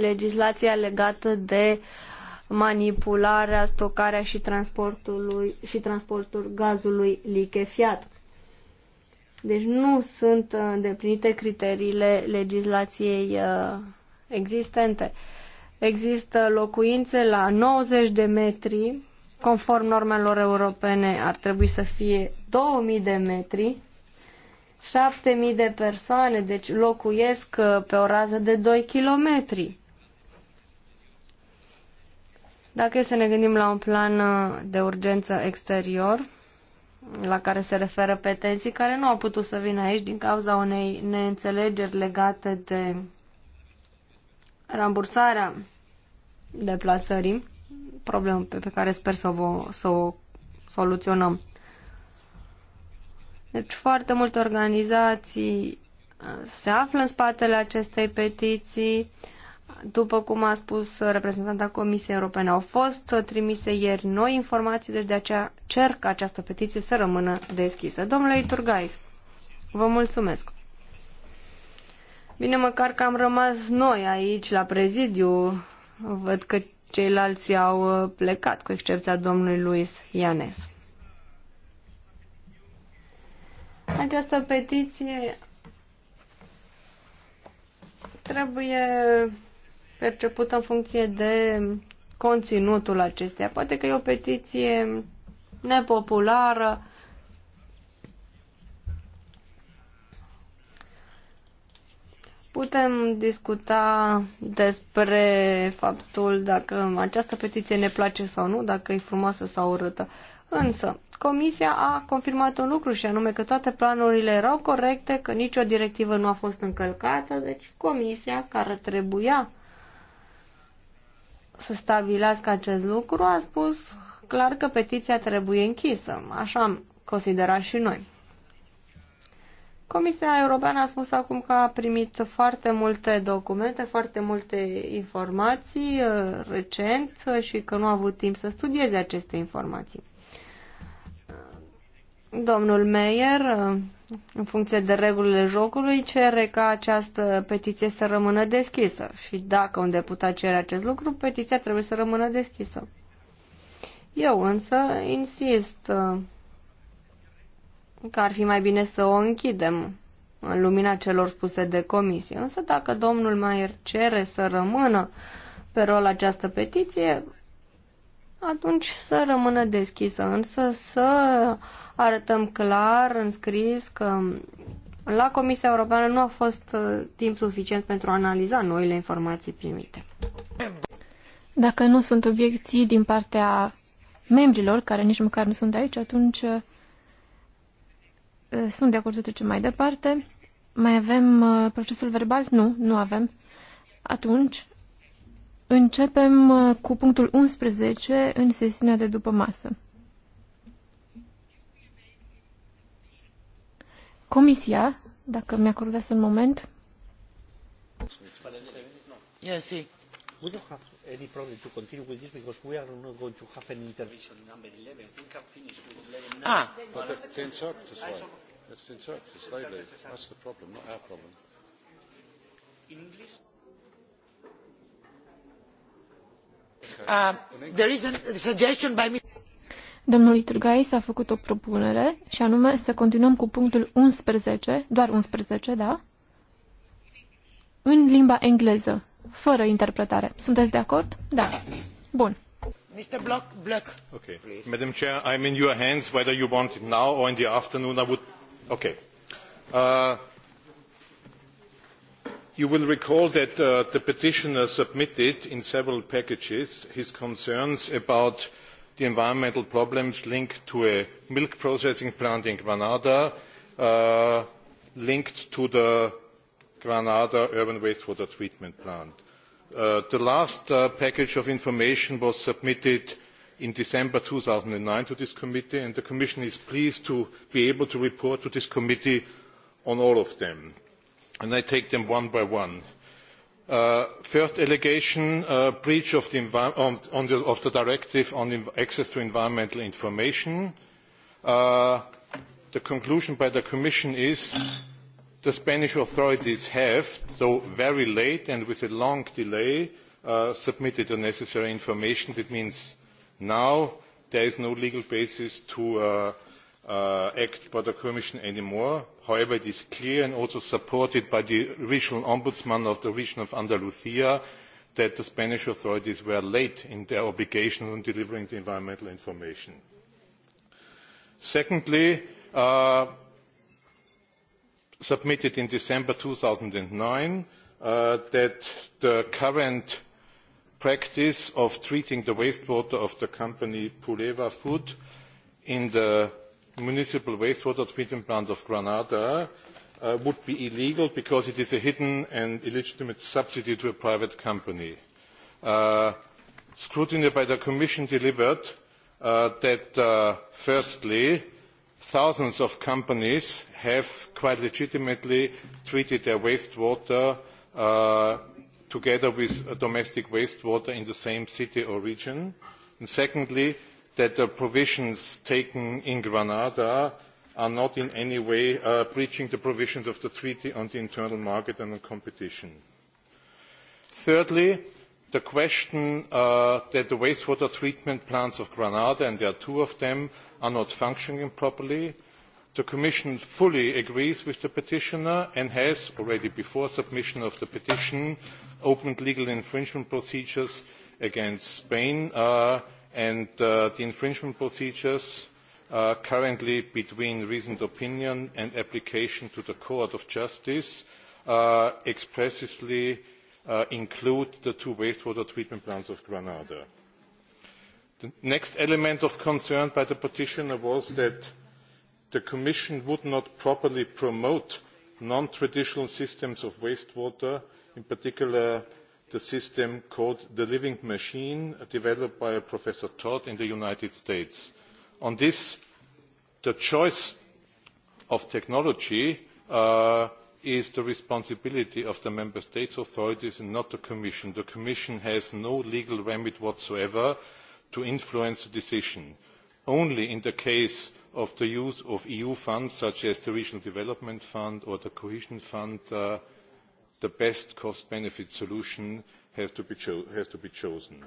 legislația legată de manipularea, stocarea și transportul, și transportul gazului lichefiat. Deci nu sunt uh, îndeplinite criteriile legislației uh, existente. Există locuințe la 90 de metri, conform normelor europene ar trebui să fie 2000 de metri, 7000 de persoane, deci locuiesc uh, pe o rază de 2 km. Dacă e să ne gândim la un plan de urgență exterior, la care se referă petenții care nu au putut să vină aici din cauza unei neînțelegeri legate de rambursarea deplasării, problemă pe care sper să, vă, să o soluționăm. Deci foarte multe organizații uh, se află în spatele acestei petiții, uh, după cum a spus reprezentanta Comisiei Europene, au fost trimise ieri noi informații, deci de aceea cer ca această petiție să rămână deschisă. Domnule Iturgais, vă mulțumesc. Bine, măcar că am rămas noi aici la prezidiu. Văd că ceilalți au uh, plecat, cu excepția domnului Luis Ianes. Această petiție trebuie percepută în funcție de conținutul acesteia. Poate că e o petiție nepopulară. Putem discuta despre faptul dacă această petiție ne place sau nu, dacă e frumoasă sau urâtă. Însă, Comisia a confirmat un lucru și anume că toate planurile erau corecte, că nicio directivă nu a fost încălcată, deci Comisia, care trebuia să stabilească acest lucru, a spus clar că petiția trebuie închisă. Așa am considerat și noi. Comisia Europeană a spus acum că a primit foarte multe documente, foarte multe informații uh, recent uh, și că nu a avut timp să studieze aceste informații. Domnul Meyer, în funcție de regulile jocului, cere ca această petiție să rămână deschisă și dacă un deputat cere acest lucru, petiția trebuie să rămână deschisă. Eu însă insist uh, că ar fi mai bine să o închidem în lumina celor spuse de comisie. Însă dacă domnul Maier cere să rămână pe rol această petiție, atunci să rămână deschisă, însă să arătăm clar în scris că la Comisia Europeană nu a fost uh, timp suficient pentru a analiza noile informații primite. Dacă nu sunt obiecții din partea membrilor, care nici măcar nu sunt aici, atunci uh, sunt de acord să trecem mai departe. Mai avem uh, procesul verbal? Nu, nu avem. Atunci, începem cu punctul 11 în sesiunea de după masă. Comisia, dacă mi-acordați un moment. Yes, have any problem to continue with this because we are not going to have an intervention number 11. We can finish with 11 Ah, but It's That's the problem, not our problem. In English? there is a suggestion by me. Domnul s a făcut o propunere și anume să continuăm cu punctul 11, doar 11, da? În limba engleză, fără interpretare. Sunteți de acord? Da. Bun. Mr. Block, Block. Okay. Please. Madam Chair, I'm in your hands whether you want it now or in the afternoon. I would. Okay. Uh, you will recall that uh, the petitioner submitted in several packages his concerns about the environmental problems linked to a milk processing plant in Granada, uh, linked to the Granada urban wastewater treatment plant. Uh, the last uh, package of information was submitted in December 2009 to this committee, and the Commission is pleased to be able to report to this committee on all of them. And I take them one by one. Uh, first allegation uh, breach of the, directive on access to environmental information. Uh, the conclusion by the Commission is the Spanish authorities have, though very late and with a long delay, submitted the necessary information. That means now there is no legal basis to act by the Commission any more however it is clear and also supported by the regional ombudsman of the region of andaluca that the spanish authorities were late in their obligation in delivering the environmental information. secondly uh, submitted in december two thousand and nine uh, that the current practice of treating the wastewater of the company puleva food in the municipal wastewater treatment plant of granada would eh, eh, be illegal because it is a hidden and illegitimate subsidy to a private company. Uh, scrutiny by the commission delivered uh, that firstly thousands of companies have quite legitimately treated their wastewater together with domestic wastewater in the same city or region and secondly that the provisions taken in Granada are not in any way uh, breaching the provisions of the Treaty on the Internal Market and on Competition. Thirdly, the question uh, that the wastewater treatment plants of Granada, and there are two of them, are not functioning properly. The Commission fully agrees with the petitioner and has, already before submission of the petition, opened legal infringement procedures against Spain uh, and uh, the infringement procedures uh, currently between reasoned opinion and application to the Court of Justice uh, expressly uh, include the two wastewater treatment plants of Granada. The next element of concern by the petitioner was that the Commission would not properly promote non-traditional systems of wastewater, in particular the system called the living machine developed by professor todd in the united states. on this the choice of technology uh, is the responsibility of the member states' authorities and not the commission. the commission has no legal remedy whatsoever to influence the decision. only in the case of the use of eu funds such as the regional development fund or the cohesion fund uh, the best cost benefit solution has to, be, chosen.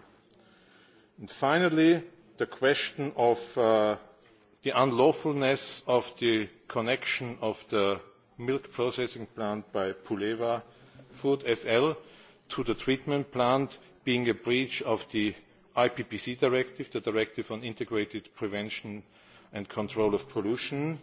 And finally, the question of uh, the unlawfulness of the connection of the milk processing plant by Puleva Food SL to the treatment plant being a breach of the IPPC directive, the Directive on Integrated Prevention and Control of Pollution.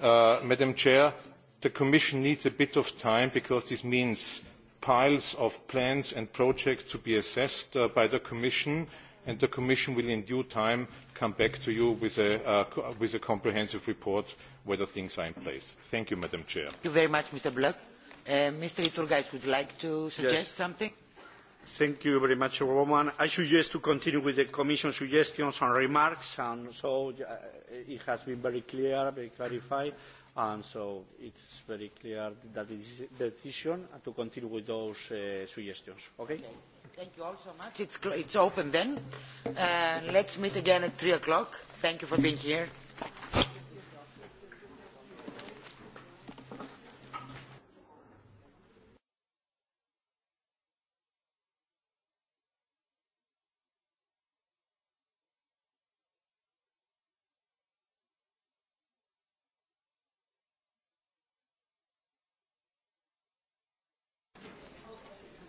Uh, Madam Chair, the commission needs a bit of time because this means piles of plans and projects to be assessed uh, by the commission and the commission will in due time come back to you with a, uh, with a comprehensive report whether things are in place. Thank you, Madam Chair. Thank you very much, Mr. Bloch. Uh, Mr. Iturgais would like to suggest yes. something. Thank you very much, Woman. I suggest to continue with the Commission suggestions and remarks, and so uh, it has been very clear, very clarified. And so it's very clear that is the decision to continue with those uh, suggestions. Okay? okay? Thank you all so much. It's, it's open then. Uh, let's meet again at 3 o'clock. Thank you for being here.